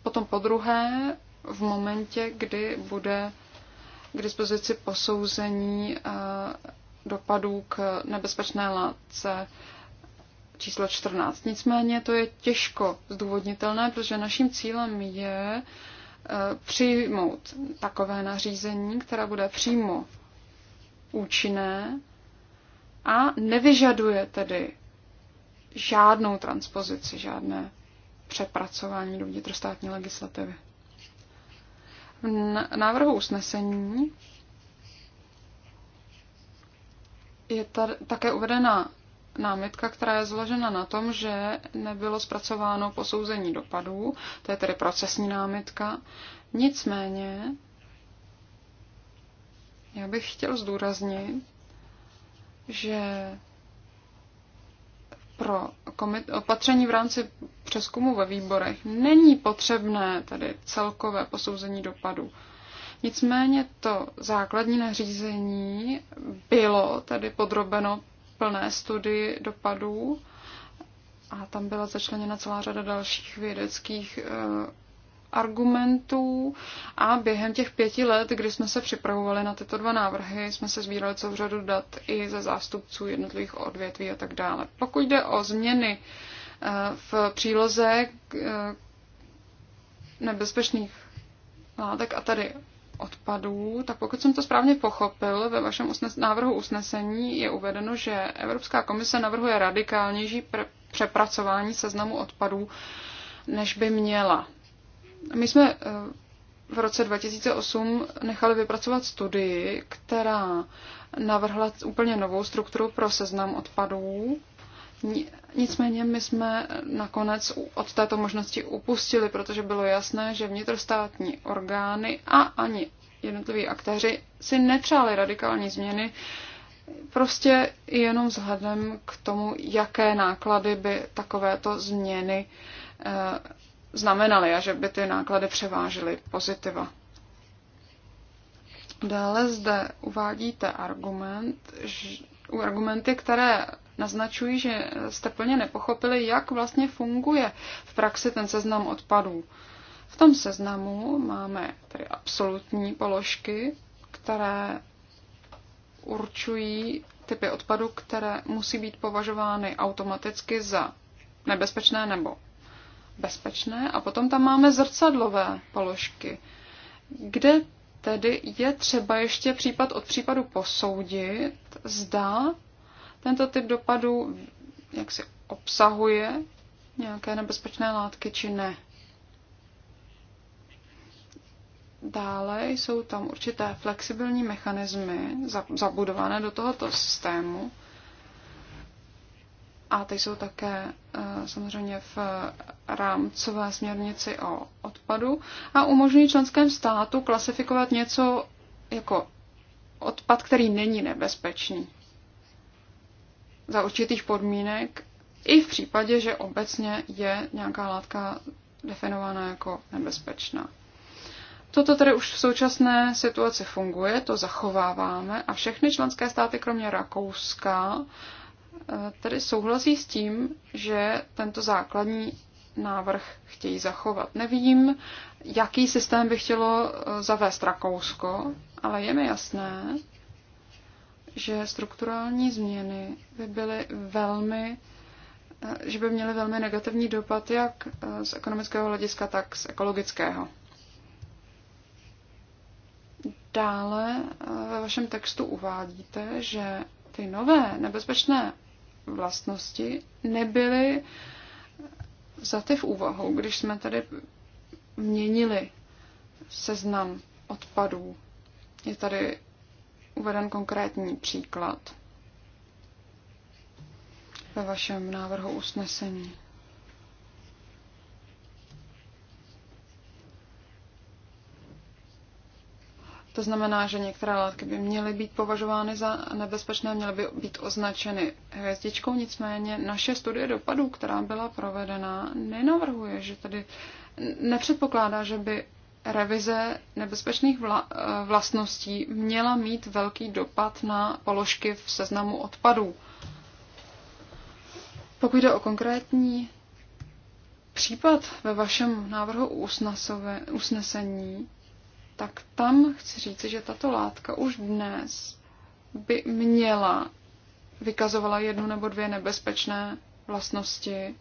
potom po druhé v momentě, kdy bude k dispozici posouzení eh, dopadů k nebezpečné látce číslo 14. Nicméně to je těžko zdůvodnitelné, protože naším cílem je Eh, přijmout takové nařízení, které bude přímo účinné a nevyžaduje tedy žádnou transpozici, žádné přepracování do vnitrostátní legislativy. V návrhu usnesení je tady také uvedena námitka, která je zložena na tom, že nebylo zpracováno posouzení dopadů, to je tedy procesní námitka. Nicméně, já bych chtěl zdůraznit, že pro opatření v rámci přeskumu ve výborech není potřebné tady celkové posouzení dopadů. Nicméně to základní nařízení bylo tedy podrobeno plné studii dopadů a tam byla začleněna celá řada dalších vědeckých eh, argumentů a během těch pěti let, kdy jsme se připravovali na tyto dva návrhy, jsme se sbírali celou řadu dat i ze zástupců jednotlivých odvětví a tak dále. Pokud jde o změny eh, v příloze eh, nebezpečných látek a tady odpadů, tak pokud jsem to správně pochopil, ve vašem usnes- návrhu usnesení je uvedeno, že Evropská komise navrhuje radikálnější přepracování seznamu odpadů, než by měla. My jsme eh, v roce 2008 nechali vypracovat studii, která navrhla úplně novou strukturu pro seznam odpadů Nicméně my jsme nakonec od této možnosti upustili, protože bylo jasné, že vnitrostátní orgány a ani jednotliví aktéři si netřáli radikální změny, prostě jenom vzhledem k tomu, jaké náklady by takovéto změny eh, znamenaly a že by ty náklady převážily pozitiva. Dále zde uvádíte argument, argumenty, které naznačují, že jste plně nepochopili, jak vlastně funguje v praxi ten seznam odpadů. V tom seznamu máme tedy absolutní položky, které určují typy odpadu, které musí být považovány automaticky za nebezpečné nebo bezpečné. A potom tam máme zrcadlové položky, kde tedy je třeba ještě případ od případu posoudit, zda tento typ dopadů jak si obsahuje nějaké nebezpečné látky či ne. Dále jsou tam určité flexibilní mechanismy zabudované do tohoto systému. A ty jsou také eh, samozřejmě v eh, rámcové směrnici o odpadu a umožňují členském státu klasifikovat něco jako odpad, který není nebezpečný za určitých podmínek i v případě, že obecně je nějaká látka definována jako nebezpečná. Toto tedy už v současné situaci funguje, to zachováváme a všechny členské státy, kromě Rakouska, eh, tedy souhlasí s tím, že tento základní návrh chtějí zachovat. Nevím, jaký systém by chtělo eh, zavést Rakousko, ale je mi jasné, že strukturální změny by byly velmi eh, že by měly velmi negativní dopad jak eh, z ekonomického hlediska, tak z ekologického. Dále eh, ve vašem textu uvádíte, že ty nové nebezpečné vlastnosti nebyly ty v úvahu, když jsme tady měnili seznam odpadů. Je tady uveden konkrétní příklad ve vašem návrhu usnesení. To znamená, že některé látky by měly být považovány za nebezpečné, měly by být označeny hvězdičkou, nicméně naše studie dopadů, která byla provedena, nenavrhuje, že tady nepředpokládá, že by revize nebezpečných vla, eh, vlastností měla mít velký dopad na položky v seznamu odpadů. Pokud jde o konkrétní případ ve vašem návrhu usnesení, tak tam chci říct, že tato látka už dnes by měla vykazovala jednu nebo dvě nebezpečné vlastnosti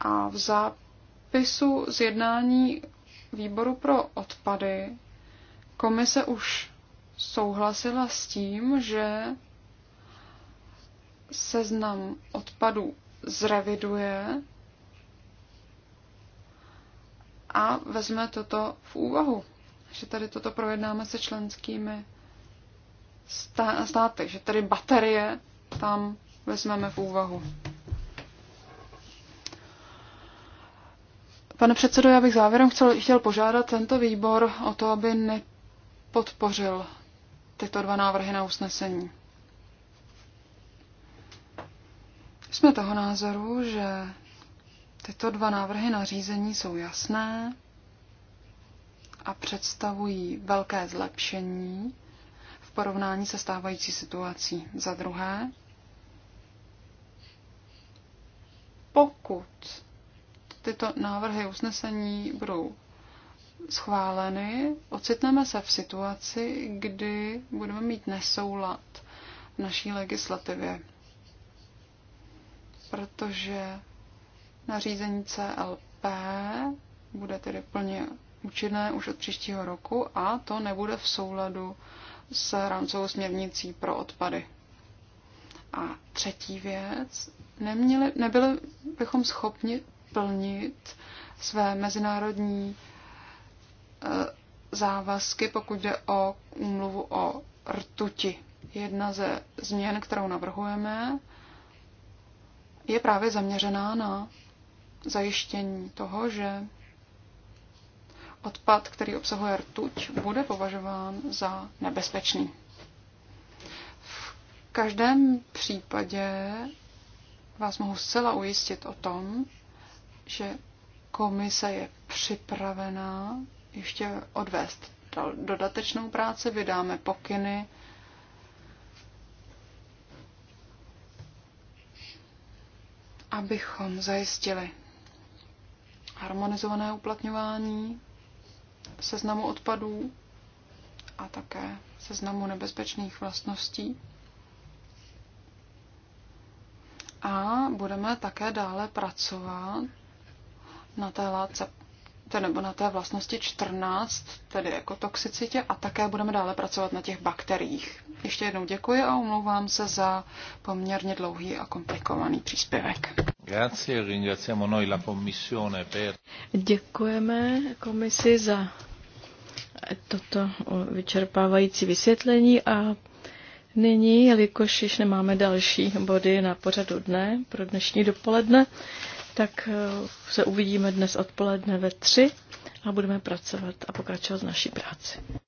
a v zápisu z jednání výboru pro odpady komise už souhlasila s tím, že seznam odpadů zreviduje a vezme toto v úvahu, že tady toto projednáme se členskými státy, že tady baterie tam vezmeme v úvahu. Pane předsedo, já bych závěrem chtěl, chtěl požádat tento výbor o to, aby nepodpořil tyto dva návrhy na usnesení. Jsme toho názoru, že tyto dva návrhy na řízení jsou jasné a představují velké zlepšení v porovnání se stávající situací. Za druhé, pokud tyto návrhy usnesení budou schváleny, ocitneme se v situaci, kdy budeme mít nesoulad v naší legislativě. Protože nařízení CLP bude tedy plně účinné už od příštího roku a to nebude v souladu s rámcovou směrnicí pro odpady. A třetí věc, neměli, nebyli bychom schopni plnit své mezinárodní eh, závazky, pokud jde o úmluvu o rtuti. Jedna ze změn, kterou navrhujeme, je právě zaměřená na zajištění toho, že odpad, který obsahuje rtuť, bude považován za nebezpečný. V každém případě vás mohu zcela ujistit o tom, že komise je připravená ještě odvést dodatečnou práci, vydáme pokyny. abychom zajistili harmonizované uplatňování seznamu odpadů a také seznamu nebezpečných vlastností. A budeme také dále pracovat na té látce nebo na té vlastnosti 14, tedy jako toxicitě, a také budeme dále pracovat na těch bakteriích. Ještě jednou děkuji a omlouvám se za poměrně dlouhý a komplikovaný příspěvek. Děkujeme komisi za toto vyčerpávající vysvětlení a nyní, jelikož již nemáme další body na pořadu dne pro dnešní dopoledne, tak eh, se uvidíme dnes odpoledne ve tři a budeme pracovat a pokračovat v naší práci.